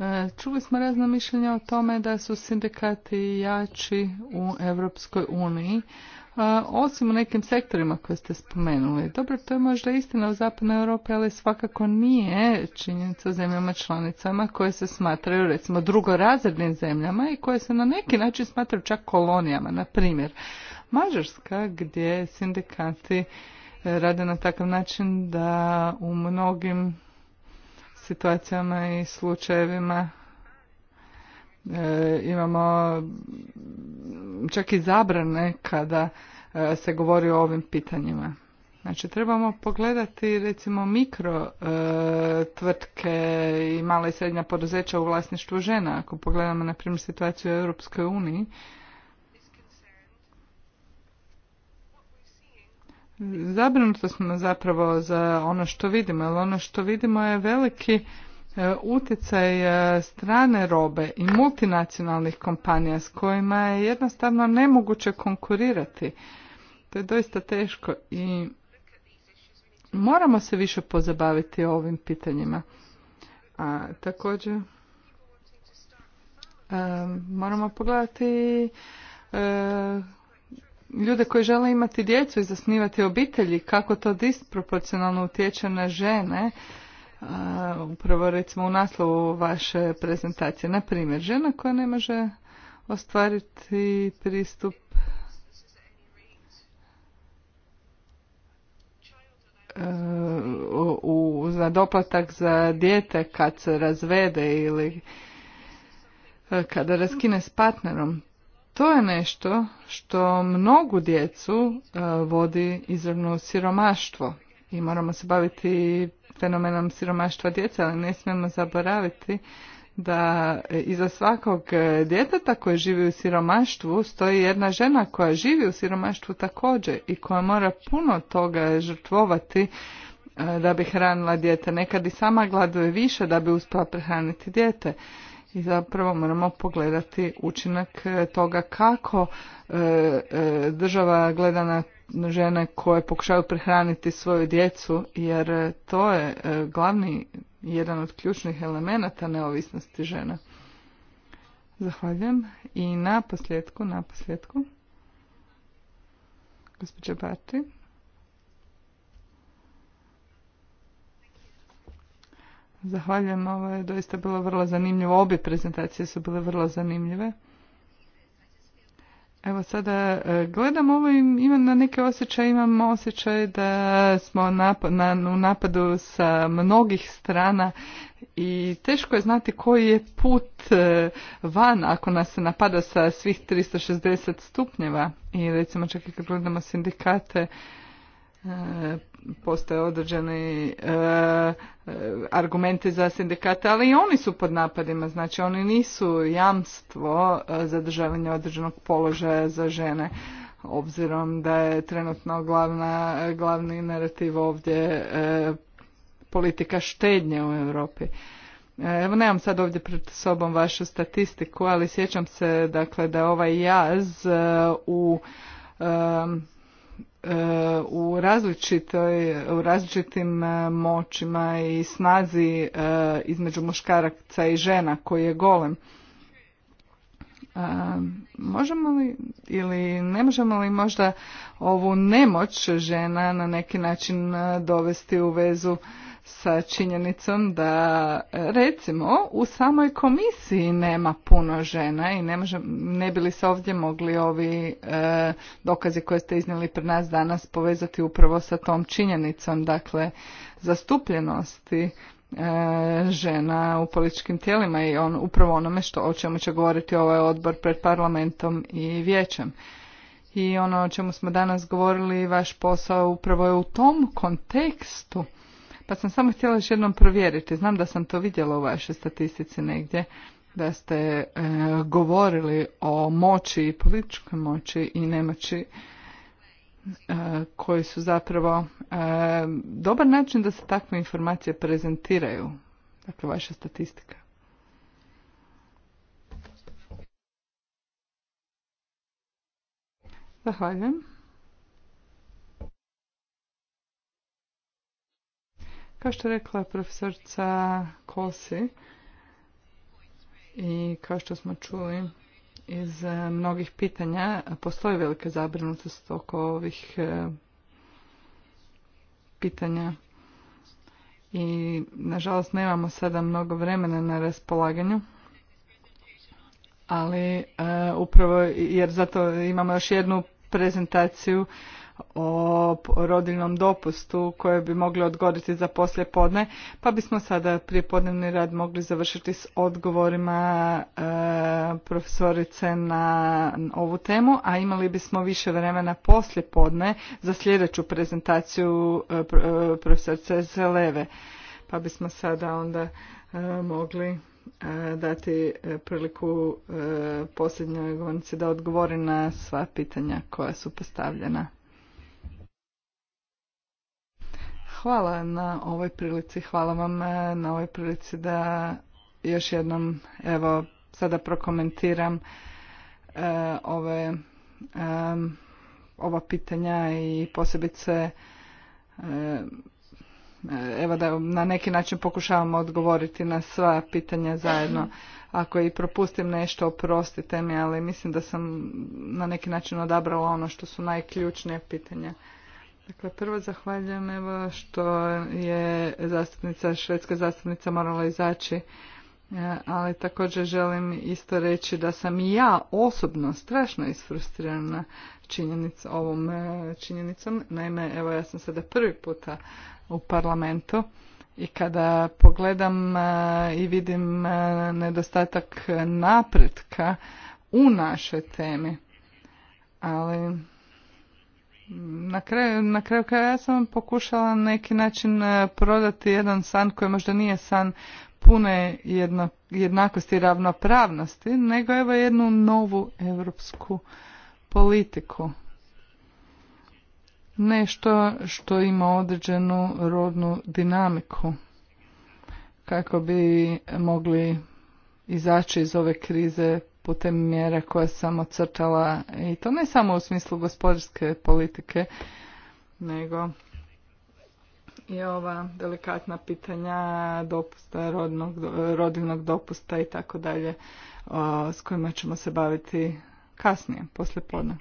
E, čuli smo razna mišljenja o tome da su sindikati jači u Europskoj uniji, e, osim u nekim sektorima koje ste spomenuli. Dobro, to je možda istina u Zapadnoj Europi, ali svakako nije činjenica zemljama članicama koje se smatraju recimo drugorazrednim zemljama i koje se na neki način smatraju čak kolonijama, na primjer. Mađarska gdje sindikati e, rade na takav način da u mnogim situacijama i slučajevima e, imamo čak i zabrane kada e, se govori o ovim pitanjima. Znači trebamo pogledati recimo mikro e, tvrtke i mala i srednja poduzeća u vlasništvu žena. Ako pogledamo na primjer situaciju u Europskoj uniji, zabrinuti smo zapravo za ono što vidimo, jer ono što vidimo je veliki e, utjecaj e, strane robe i multinacionalnih kompanija s kojima je jednostavno nemoguće konkurirati. To je doista teško i moramo se više pozabaviti ovim pitanjima. A također e, moramo pogledati ljude koji žele imati djecu i zasnivati obitelji, kako to disproporcionalno utječe na žene, e, upravo recimo u naslovu vaše prezentacije. Na primjer, žena koja ne može ostvariti pristup e, u, za doplatak za dijete kad se razvede ili e, kada raskine s partnerom. To je nešto što mnogu djecu e, vodi izravno siromaštvo i moramo se baviti fenomenom siromaštva djece, ali ne smijemo zaboraviti da iza svakog djeteta koje živi u siromaštvu stoji jedna žena koja živi u siromaštvu također i koja mora puno toga žrtvovati e, da bi hranila dijete. Nekad i sama gladuje više da bi uspjela prehraniti dijete i zapravo moramo pogledati učinak e, toga kako e, e, država gleda na žene koje pokušaju prehraniti svoju djecu jer to je glavni jedan od ključnih elemenata neovisnosti žena. Zahvaljujem. I na posljedku, na posljedku. Gospođa Barti. Zahvaljujem, ovo je doista bilo vrlo zanimljivo. Obje prezentacije su bile vrlo zanimljive. Evo sada e, gledam ovo i imam na neke osjećaje, imam osjećaj da smo na, u napadu sa mnogih strana i teško je znati koji je put e, van ako nas se napada sa svih 360 stupnjeva i recimo čak i kad gledamo sindikate E, postoje određeni e, e, argumenti za sindikate, ali i oni su pod napadima, znači oni nisu jamstvo zadržavanja određenog položaja za žene obzirom da je trenutno glavna, glavni narativ ovdje politika štednje u Europi. Evo nemam sad ovdje pred sobom vašu statistiku, ali sjećam se dakle da ovaj jaz u E, u, različitoj, u različitim e, moćima i snazi e, između muškaraca i žena koji je golem. Možemo li ili ne možemo li možda ovu nemoć žena na neki način dovesti u vezu sa činjenicom da recimo u samoj komisiji nema puno žena i ne, može, ne bi li se ovdje mogli ovi e, dokazi koje ste iznijeli pred nas danas povezati upravo sa tom činjenicom dakle zastupljenosti e, žena u političkim tijelima i on upravo onome što o čemu će govoriti ovaj odbor pred parlamentom i vijećem i ono o čemu smo danas govorili vaš posao upravo je u tom kontekstu pa sam samo htjela još jednom provjeriti. Znam da sam to vidjela u vašoj statistici negdje, da ste e, govorili o moći i političkoj moći i nemoći e, koji su zapravo e, dobar način da se takve informacije prezentiraju. Dakle, vaša statistika. Zahvaljujem. Kao što je rekla profesorca Kosi i kao što smo čuli iz e, mnogih pitanja, postoji velika zabrinutost oko ovih e, pitanja i nažalost nemamo sada mnogo vremena na raspolaganju ali e, upravo jer zato imamo još jednu prezentaciju o rodiljnom dopustu koje bi mogli odgoditi za poslje podne, pa bismo sada prije rad mogli završiti s odgovorima e, profesorice na ovu temu, a imali bismo više vremena poslje podne za sljedeću prezentaciju e, e, profesorice Zeleve. Pa bismo sada onda e, mogli dati priliku posljednjoj govornici da odgovori na sva pitanja koja su postavljena. Hvala na ovoj prilici, hvala vam e, na ovoj prilici da još jednom, evo, sada prokomentiram e, ove, e, ova pitanja i posebice e, evo da na neki način pokušavamo odgovoriti na sva pitanja zajedno. Ako i propustim nešto, oprostite mi, ali mislim da sam na neki način odabrala ono što su najključnije pitanja. Dakle, prvo zahvaljujem evo što je zastupnica, švedska zastupnica morala izaći, e, ali također želim isto reći da sam i ja osobno strašno isfrustrirana ovom e, činjenicom. Naime, evo ja sam sada prvi puta u parlamentu i kada pogledam e, i vidim nedostatak napretka u našoj temi, ali na kraju, na ja sam pokušala na neki način e, prodati jedan san koji možda nije san pune jednakosti i ravnopravnosti, nego evo jednu novu europsku politiku. Nešto što ima određenu rodnu dinamiku kako bi mogli izaći iz ove krize putem mjera koje sam ocrtala i to ne samo u smislu gospodarske politike, nego i ova delikatna pitanja dopusta, rodnog, rodilnog dopusta i tako dalje s kojima ćemo se baviti kasnije, poslije podne.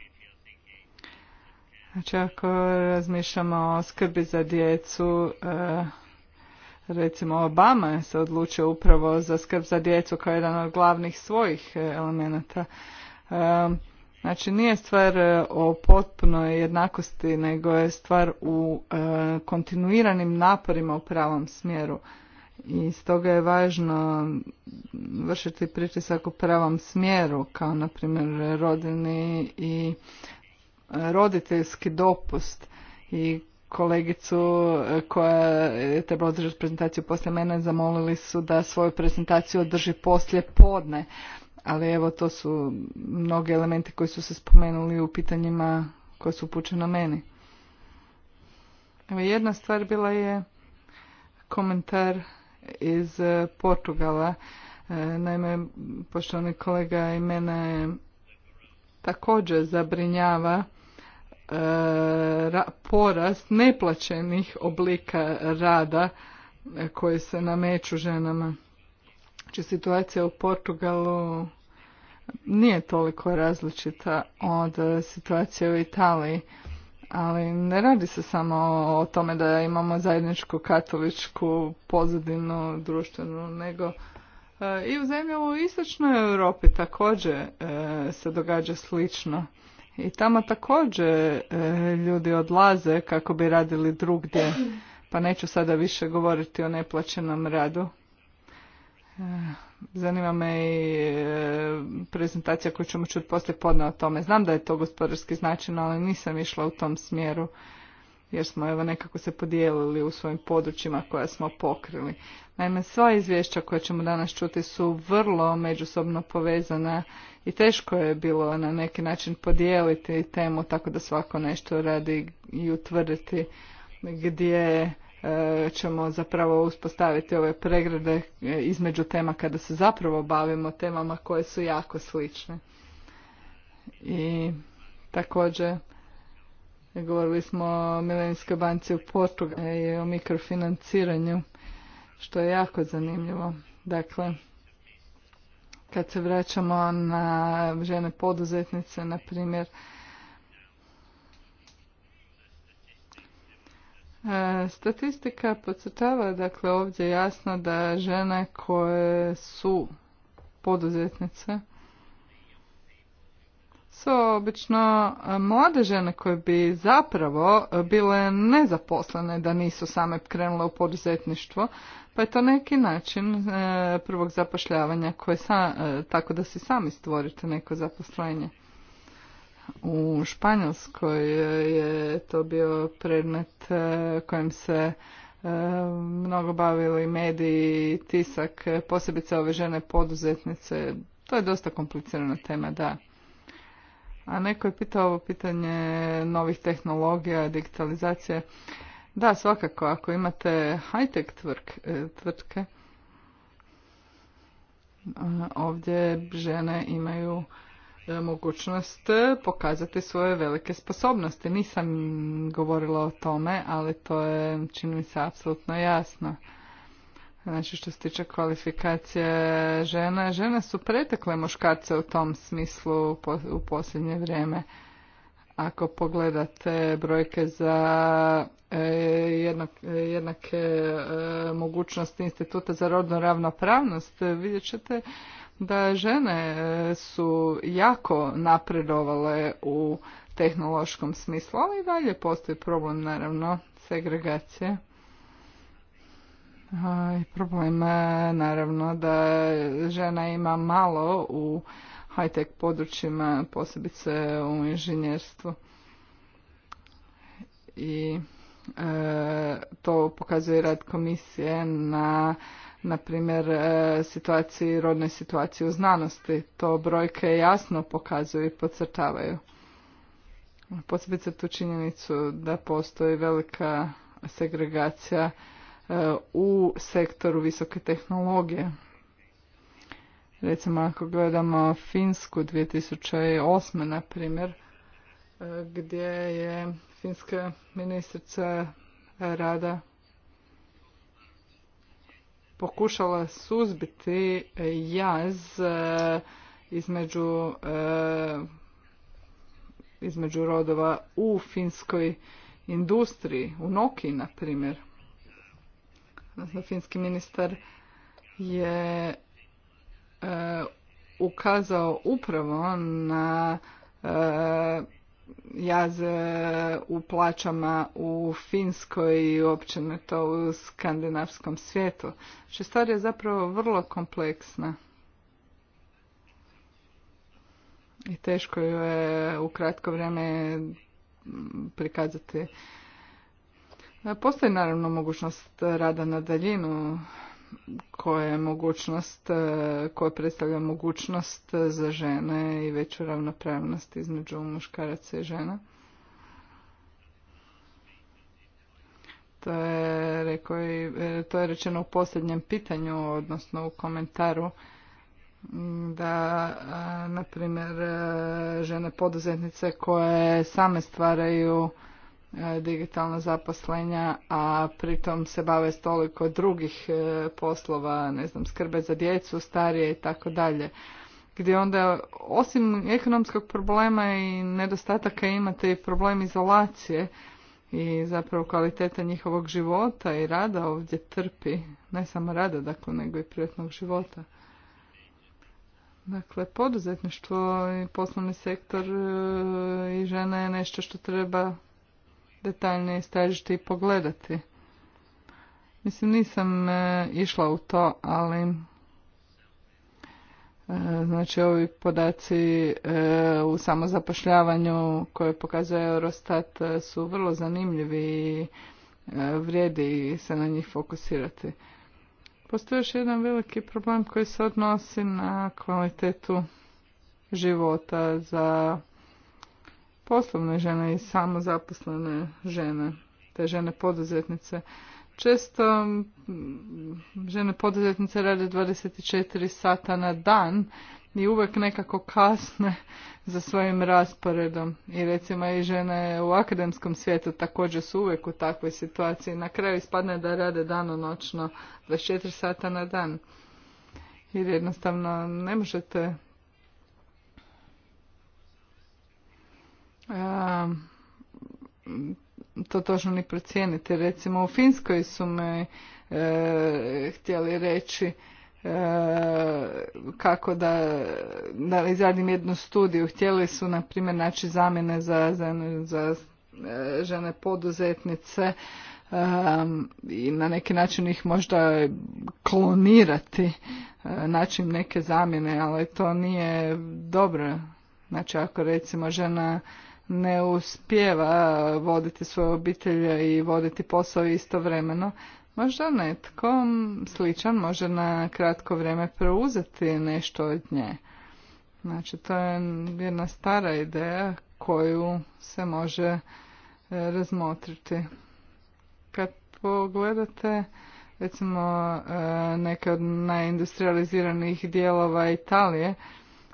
Znači ako razmišljamo o skrbi za djecu, e, Recimo Obama se odlučio upravo za skrb za djecu kao jedan od glavnih svojih e, elemenata. E, znači nije stvar e, o potpunoj jednakosti, nego je stvar u kontinuiranim naporima u pravom smjeru. I stoga je važno vršiti pritisak u pravom smjeru, kao na primjer rodini i roditeljski dopust i kolegicu e, koja je trebala održati prezentaciju poslije mene, zamolili su da svoju prezentaciju održi poslije podne. Ali evo, to su mnogi elementi koji su se spomenuli u pitanjima koje su upućena meni. Evo, jedna stvar bila je komentar iz e, Portugala. E, naime, poštovani kolega i mene također zabrinjava porast neplaćenih oblika rada e, koji se nameću ženama. Znači situacija u Portugalu nije toliko različita od e, situacije u Italiji. Ali ne radi se samo o tome da imamo zajedničku katoličku pozadinu društvenu, nego e, i u zemljama u istočnoj Europi također se događa slično i tamo također e, ljudi odlaze kako bi radili drugdje, pa neću sada više govoriti o neplaćenom radu. E, zanima me i e, prezentacija koju ćemo čuti poslije podne o tome. Znam da je to gospodarski značajno, ali nisam išla u tom smjeru jer smo evo nekako se podijelili u svojim područjima koja smo pokrili. Naime, sva izvješća koja ćemo danas čuti su vrlo međusobno povezana i teško je bilo na neki način podijeliti temu tako da svako nešto radi i utvrditi gdje e, ćemo zapravo uspostaviti ove pregrade e, između tema kada se zapravo bavimo temama koje su jako slične. I također govorili smo o Milenijskoj banci u Portugalu i o mikrofinanciranju što je jako zanimljivo. Dakle, kad se vraćamo na žene poduzetnice, na primjer, e, Statistika podcrtava dakle ovdje jasno da žene koje su poduzetnice su obično e, mlade žene koje bi zapravo bile nezaposlene da nisu same krenule u poduzetništvo, pa je to neki način e, prvog zapošljavanja koje e, tako da si sami stvorite neko zaposlenje. U Španjolskoj e, je to bio predmet e, kojim se mnogo bavili mediji, tisak, posebice ove žene poduzetnice. To je dosta komplicirana tema, da. A neko je pitao ovo pitanje novih tehnologija, digitalizacije. Da, svakako, ako imate high-tech e, tvrtke, ovdje žene imaju e, mogućnost e, pokazati svoje velike sposobnosti. Nisam govorila o tome, ali to je, čini mi se, apsolutno jasno. Znači, što se tiče kvalifikacije žena, žene su pretekle muškarce u tom smislu u posljednje vrijeme. Ako pogledate brojke za e, jednak, e, jednake e, mogućnosti instituta za rodnu ravnopravnost, vidjet ćete da žene su jako napredovale u tehnološkom smislu, ali i dalje postoji problem naravno segregacije. problem naravno da žena ima malo u high-tech područjima, posebice u inženjerstvu. I e, to pokazuje rad komisije na na primjer e, situaciji, rodnoj situaciji u znanosti. To brojke jasno pokazuju i podcrtavaju. Posebice tu činjenicu da postoji velika segregacija e, u sektoru visoke tehnologije Recimo ako gledamo Finsku 2008. na primjer, e, gdje je finska ministrica rada pokušala suzbiti jaz e, između, e, između rodova u finskoj industriji, u Nokiji, na primjer. finski ministar je E, ukazao upravo na e, jaz e, u plaćama u Finskoj i općenito u skandinavskom svijetu. Što stvar je zapravo vrlo kompleksna. I teško ju je u kratko vrijeme prikazati. Postoji naravno mogućnost rada na daljinu koje je mogućnost, e, koje predstavlja mogućnost za žene i veću ravnopravnost između muškaraca i žena. To je, rekao i, e, to je rečeno u posljednjem pitanju, odnosno u komentaru da, e, na primjer, žene poduzetnice koje same stvaraju E, digitalna zaposlenja, a pritom se bave stoliko drugih e, poslova, ne znam, skrbe za djecu, starije i tako dalje. Gdje onda osim ekonomskog problema i nedostataka imate i problem izolacije i zapravo kvaliteta njihovog života i rada ovdje trpi, ne samo rada dakle, nego i privatnog života. Dakle, poduzetništvo i poslovni sektor e, i žena je nešto što treba detaljnije istražiti i pogledati. Mislim, nisam e, išla u to, ali e, znači ovi podaci e, u samozapošljavanju koje pokazuje Eurostat e, su vrlo zanimljivi i vrijedi se na njih fokusirati. Postoji još jedan veliki problem koji se odnosi na kvalitetu života za poslovne žene i samozaposlene žene, te žene poduzetnice. Često žene poduzetnice rade 24 sata na dan i uvek nekako kasne za svojim rasporedom. I recimo i žene u akademskom svijetu također su uvek u takvoj situaciji. Na kraju ispadne da rade danonoćno 24 sata na dan. Jer jednostavno ne možete Ehm, to točno ni procijeniti. Recimo u Finskoj su me e, htjeli reći e, kako da, da izradim jednu studiju. Htjeli su, na primjer, naći zamjene za, za, e, žene poduzetnice ehm, i na neki način ih možda klonirati, način neke zamjene, ali to nije dobro. Znači ako recimo žena ne uspjeva voditi svoje obitelje i voditi posao istovremeno, možda netko sličan može na kratko vrijeme preuzeti nešto od nje. Znači, to je jedna stara ideja koju se može e, razmotriti. Kad pogledate recimo e, neke od najindustrializiranih dijelova Italije,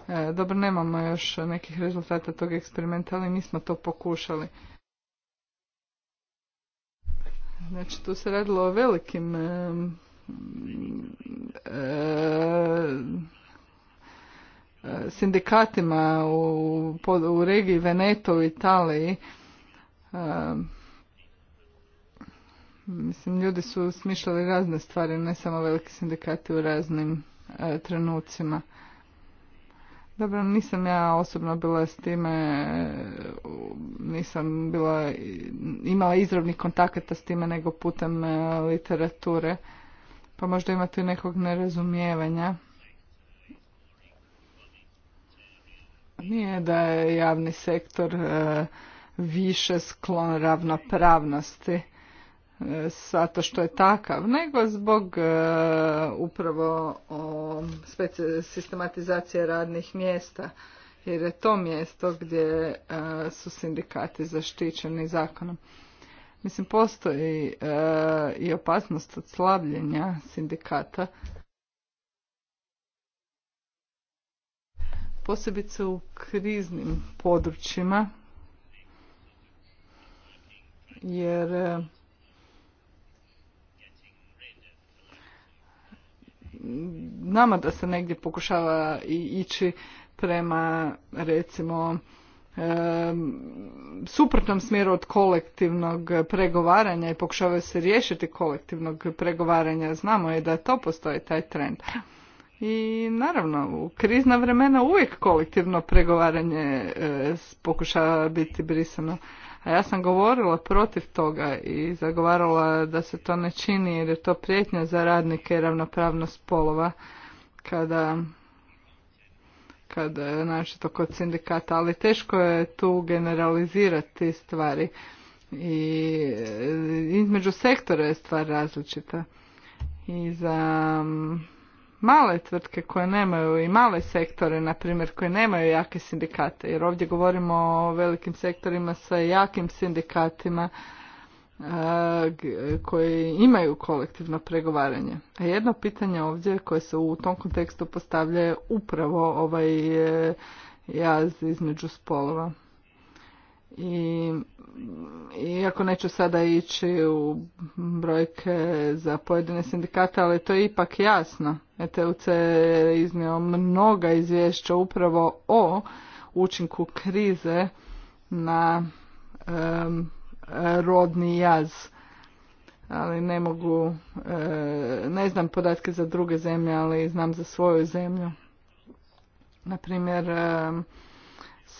E, dobro, nemamo još nekih rezultata tog eksperimenta, ali mi smo to pokušali. Znači, tu se radilo o velikim e, e, sindikatima u, regiji Veneto u Italiji. mislim, ljudi su smišljali razne stvari, ne samo veliki sindikati u raznim trenucima. Dobro, nisam ja osobno bila s time, nisam bila, imala izravnih kontakata s time nego putem e, literature, pa možda ima tu nekog nerazumijevanja. Nije da je javni sektor e, više sklon ravnopravnosti zato što je takav, nego zbog e, upravo sistematizacije radnih mjesta, jer je to mjesto gdje e, su sindikati zaštićeni zakonom. Mislim, postoji e, i opasnost od slabljenja sindikata, posebice u kriznim područjima, jer nama da se negdje pokušava i ići prema recimo e, suprotnom smjeru od kolektivnog pregovaranja i pokušavaju se riješiti kolektivnog pregovaranja. Znamo je da to postoji taj trend. I naravno, u krizna vremena uvijek kolektivno pregovaranje e, pokušava biti brisano a ja sam govorila protiv toga i zagovarala da se to ne čini jer je to prijetnja za radnike i ravnopravnost polova kada kada znači to kod sindikata, ali teško je tu generalizirati stvari i e, između sektora je stvar različita i za male tvrtke koje nemaju i male sektore, na primjer, koje nemaju jake sindikate, jer ovdje govorimo o velikim sektorima sa jakim sindikatima e, koji imaju kolektivno pregovaranje. A jedno pitanje ovdje koje se u tom kontekstu postavlja je upravo ovaj e, jaz između spolova. I, iako neću sada ići u brojke za pojedine sindikate, ali to je ipak jasno. ETUC je iznio mnoga izvješća upravo o učinku krize na rodni jaz. Ali ne mogu, e, ne znam podatke za druge zemlje, ali znam za svoju zemlju. Naprimjer, primjer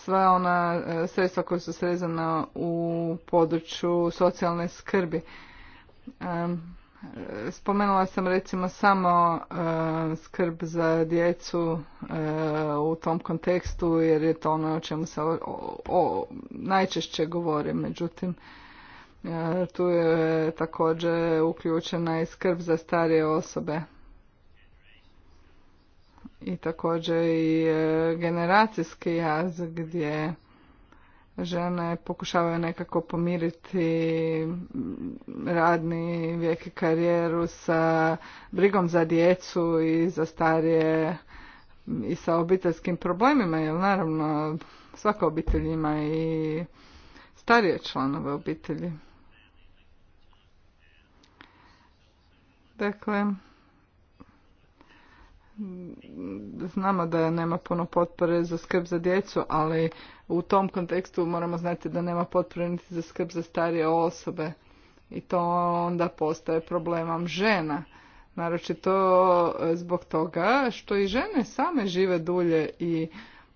sva ona e, sredstva koja su srezana u području socijalne skrbi. Spomenula sam recimo samo e, skrb za djecu e, u tom kontekstu jer je to ono o čemu se o, najčešće govori. Međutim, tu je također uključena i skrb za starije osobe i također i e, generacijski jaz gdje žene pokušavaju nekako pomiriti radni vijek i karijeru sa brigom za djecu i za starije i sa obiteljskim problemima jer naravno svaka obitelj ima i starije članove obitelji. Dakle, Mm, znamo da nema puno potpore za skrb za djecu, ali u tom kontekstu moramo znati da nema potpore niti za skrb za starije osobe i to onda postaje problemom žena. Naročito e, zbog toga što i žene same žive dulje i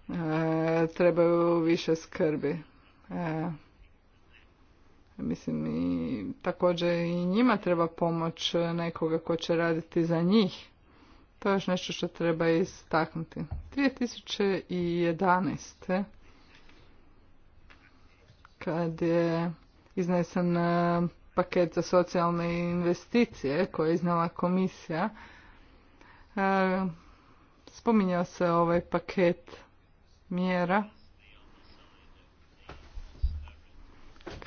e, trebaju više skrbi. E, mislim i također i njima treba pomoć nekoga ko će raditi za njih to je još nešto što treba istaknuti. 2011. kad je iznesen e, paket za socijalne investicije koje je iznala komisija, e, spominjao se ovaj paket mjera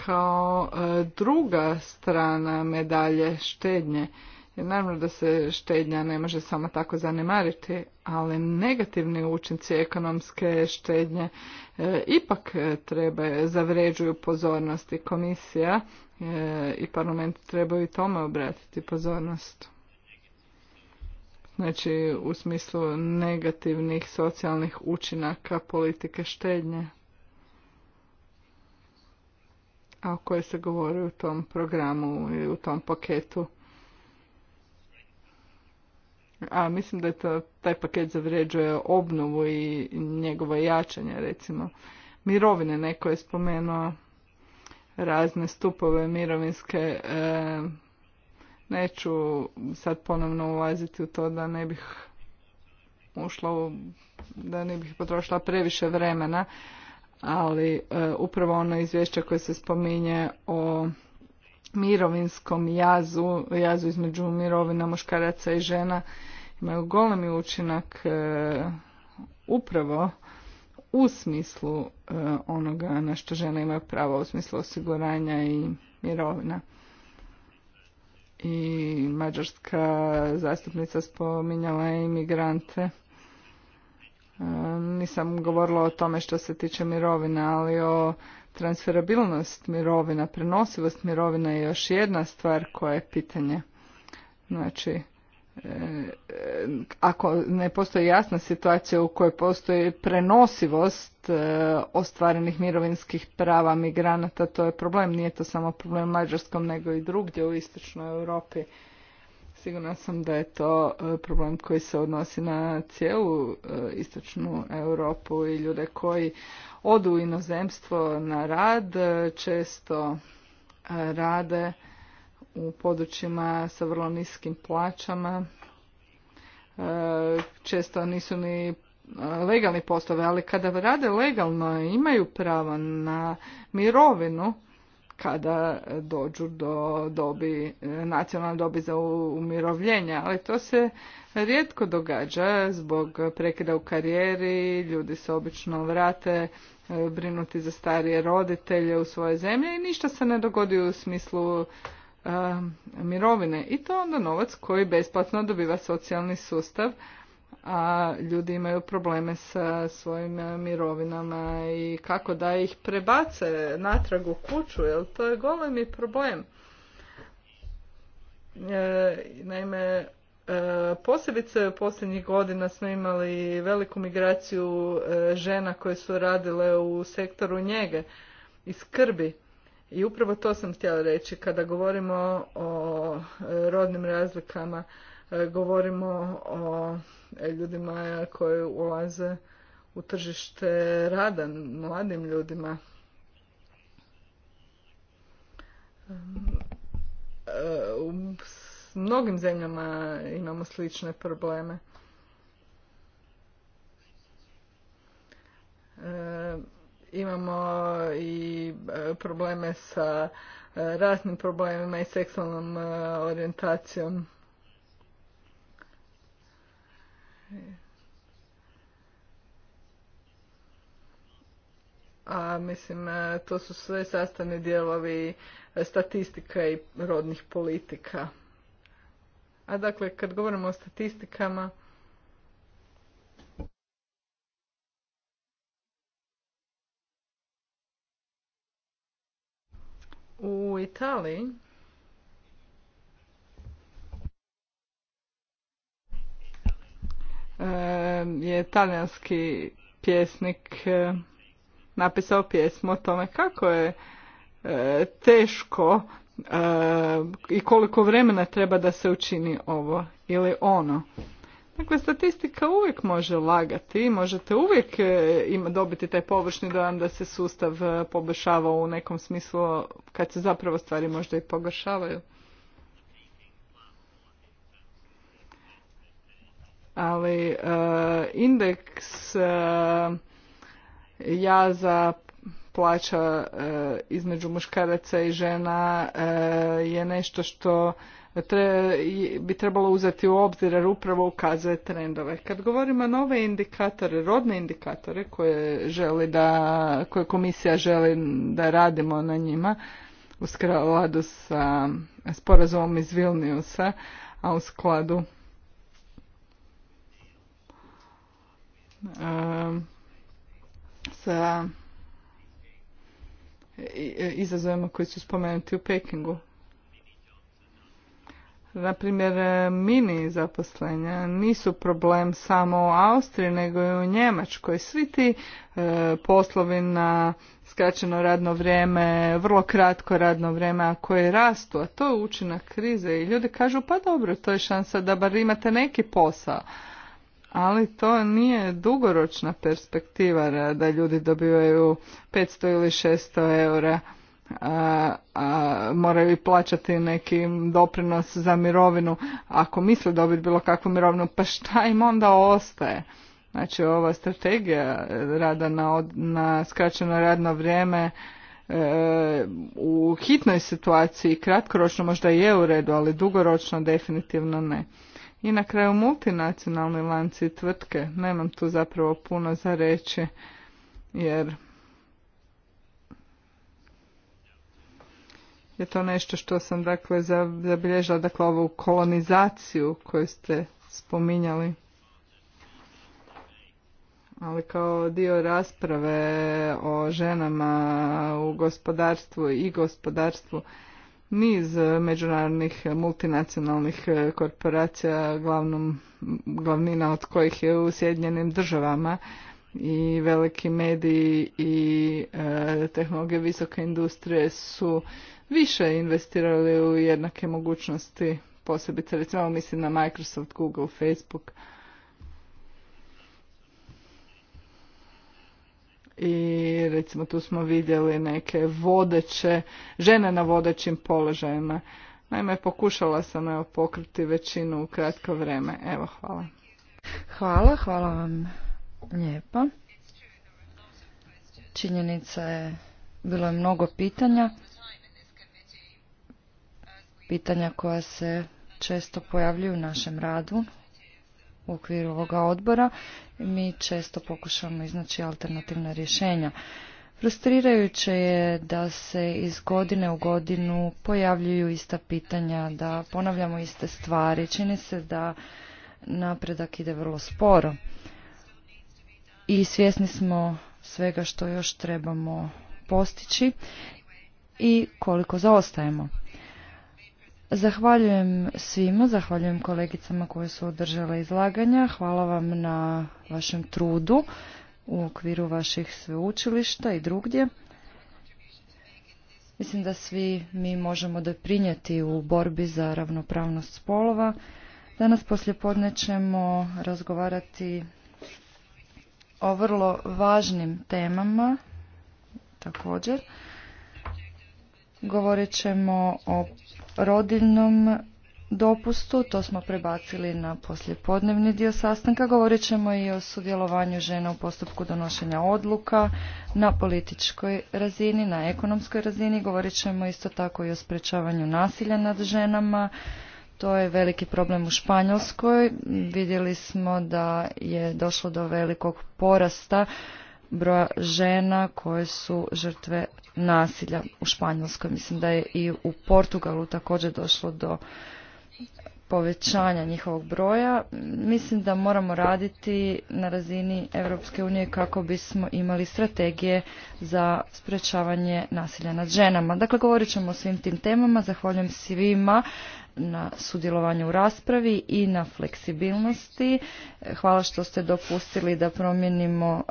kao e, druga strana medalje štednje jer naravno da se štednja ne može samo tako zanemariti, ali negativni učinci ekonomske štednje e, ipak e, treba zavređuju pozornost i komisija e, i parlament trebaju tome obratiti pozornost. Znači u smislu negativnih socijalnih učinaka politike štednje. A o kojoj se govori u tom programu i u tom paketu a mislim da je to, taj paket zavređuje obnovu i njegovo jačanje, recimo mirovine, neko je spomenuo razne stupove mirovinske, e, neću sad ponovno ulaziti u to da ne bih ušla u, da ne bih potrošila previše vremena, ali e, upravo ono izvješće koje se spominje o mirovinskom jazu, jazu između mirovina muškaraca i žena imaju golemi učinak e, upravo u smislu e, onoga na što žene imaju pravo u smislu osiguranja i mirovina. I mađarska zastupnica spominjala je imigrante. E, nisam govorila o tome što se tiče mirovina, ali o transferabilnost mirovina, prenosivost mirovina je još jedna stvar koja je pitanje. Znači, e, ako ne postoji jasna situacija u kojoj postoji prenosivost e, ostvarenih mirovinskih prava migranata, to je problem. Nije to samo problem u Mađarskom, nego i drugdje u istočnoj Europi. Sigurna sam da je to e, problem koji se odnosi na cijelu e, istočnu Europu i ljude koji odu u inozemstvo na rad, e, često rade u područjima sa vrlo niskim plaćama, često nisu ni legalni poslovi, ali kada rade legalno imaju pravo na mirovinu, kada dođu do dobi, nacionalne dobi za umirovljenje. ali to se rijetko događa zbog prekida u karijeri, ljudi se obično vrate e, brinuti za starije roditelje u svoje zemlje i ništa se ne dogodi u smislu e, mirovine i to onda novac koji besplatno dobiva socijalni sustav a ljudi imaju probleme sa svojim e, mirovinama i kako da ih prebace natrag u kuću, jer to je golemi problem. E, naime, E, posebice posljednjih godina smo imali veliku migraciju e, žena koje su radile u sektoru njege i skrbi. I upravo to sam htjela reći kada govorimo o e, rodnim razlikama. E, govorimo o ljudima koji ulaze u tržište rada, mladim ljudima. E, u mnogim zemljama imamo slične probleme. E, imamo i probleme sa raznim problemima i seksualnom orijentacijom a mislim e, to su sve sastavni dijelovi e, statistika i rodnih politika. A dakle, kad govorimo o statistikama, u Italiji Eh, je talijanski pjesnik eh, napisao pjesmu o tome kako je eh, teško i koliko vremena treba da se učini ovo ili ono. Dakle, statistika uvijek može lagati, možete uvijek ima, dobiti taj površni dojam da se sustav poboljšava u nekom smislu kad se zapravo stvari možda i pogoršavaju. ali e, indeks e, jaza plaća e, između muškaraca i žena je nešto što bi trebalo uzeti u obzir jer upravo ukazuje trendove. Kad govorimo nove indikatore, rodne indikatore koje želi da, koje komisija želi da radimo na njima u skladu sa sporazumom iz Vilniusa, a u skladu sa e, izazovima koji su spomenuti u Pekingu. Naprimjer, e, mini zaposlenja nisu problem samo u Austriji, nego i u Njemačkoj. Svi ti e, poslovi na skraćeno radno vrijeme, vrlo kratko radno vrijeme, a koje rastu, a to je učinak krize. I ljudi kažu, pa dobro, to je šansa da bar imate neki posao ali to nije dugoročna perspektiva da ljudi dobivaju 500 ili 600 eura a, moraju i plaćati neki doprinos za mirovinu ako misle dobiti bilo kakvu mirovinu pa šta im onda ostaje znači ova strategija rada na, na skraćeno radno vrijeme e, u hitnoj situaciji kratkoročno možda i je u redu ali dugoročno definitivno ne i na kraju multinacionalni lanci tvrtke. Nemam tu zapravo puno za reći jer je to nešto što sam dakle zabilježila dakle ovu kolonizaciju koju ste spominjali. Ali kao dio rasprave o ženama u gospodarstvu i gospodarstvu niz međunarodnih multinacionalnih e, korporacija, glavnom, glavnina od kojih je u Sjedinjenim državama i veliki mediji i e, tehnologije visoke industrije su više investirali u jednake mogućnosti, posebice recimo mislim na Microsoft, Google, Facebook, i recimo tu smo vidjeli neke vodeće, žene na vodećim položajima. Naime, pokušala sam evo, pokriti većinu u kratko vrijeme. Evo, hvala. Hvala, hvala vam lijepa. Činjenica je, bilo je mnogo pitanja. Pitanja koja se često pojavljuju u našem radu u okviru ovoga odbora. Mi često pokušamo iznaći alternativna rješenja. Frustrirajuće je da se iz godine u godinu pojavljuju ista pitanja, da ponavljamo iste stvari. Čini se da napredak ide vrlo sporo. I svjesni smo svega što još trebamo postići i koliko zaostajemo. Zahvaljujem svima, zahvaljujem kolegicama koje su održale izlaganja, hvala vam na vašem trudu u okviru vaših sveučilišta i drugdje. Mislim da svi mi možemo doprinijeti u borbi za ravnopravnost spolova. Danas poslijepodne ćemo razgovarati o vrlo važnim temama također. Govorit ćemo o rodiljnom dopustu, to smo prebacili na poslijepodnevni dio sastanka. Govorit ćemo i o sudjelovanju žena u postupku donošenja odluka na političkoj razini, na ekonomskoj razini. Govorit ćemo isto tako i o sprečavanju nasilja nad ženama. To je veliki problem u Španjolskoj. Vidjeli smo da je došlo do velikog porasta broja žena koje su žrtve nasilja u Španjolskoj. Mislim da je i u Portugalu također došlo do povećanja njihovog broja. Mislim da moramo raditi na razini Europske unije kako bismo imali strategije za sprečavanje nasilja nad ženama. Dakle, govorit ćemo o svim tim temama. Zahvaljujem svima na sudjelovanju u raspravi i na fleksibilnosti. Hvala što ste dopustili da promijenimo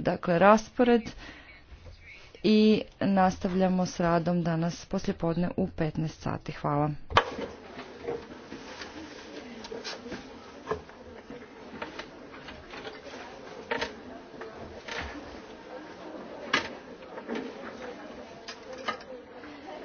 dakle, raspored i nastavljamo s radom danas poslijepodne u 15 sati. Hvala.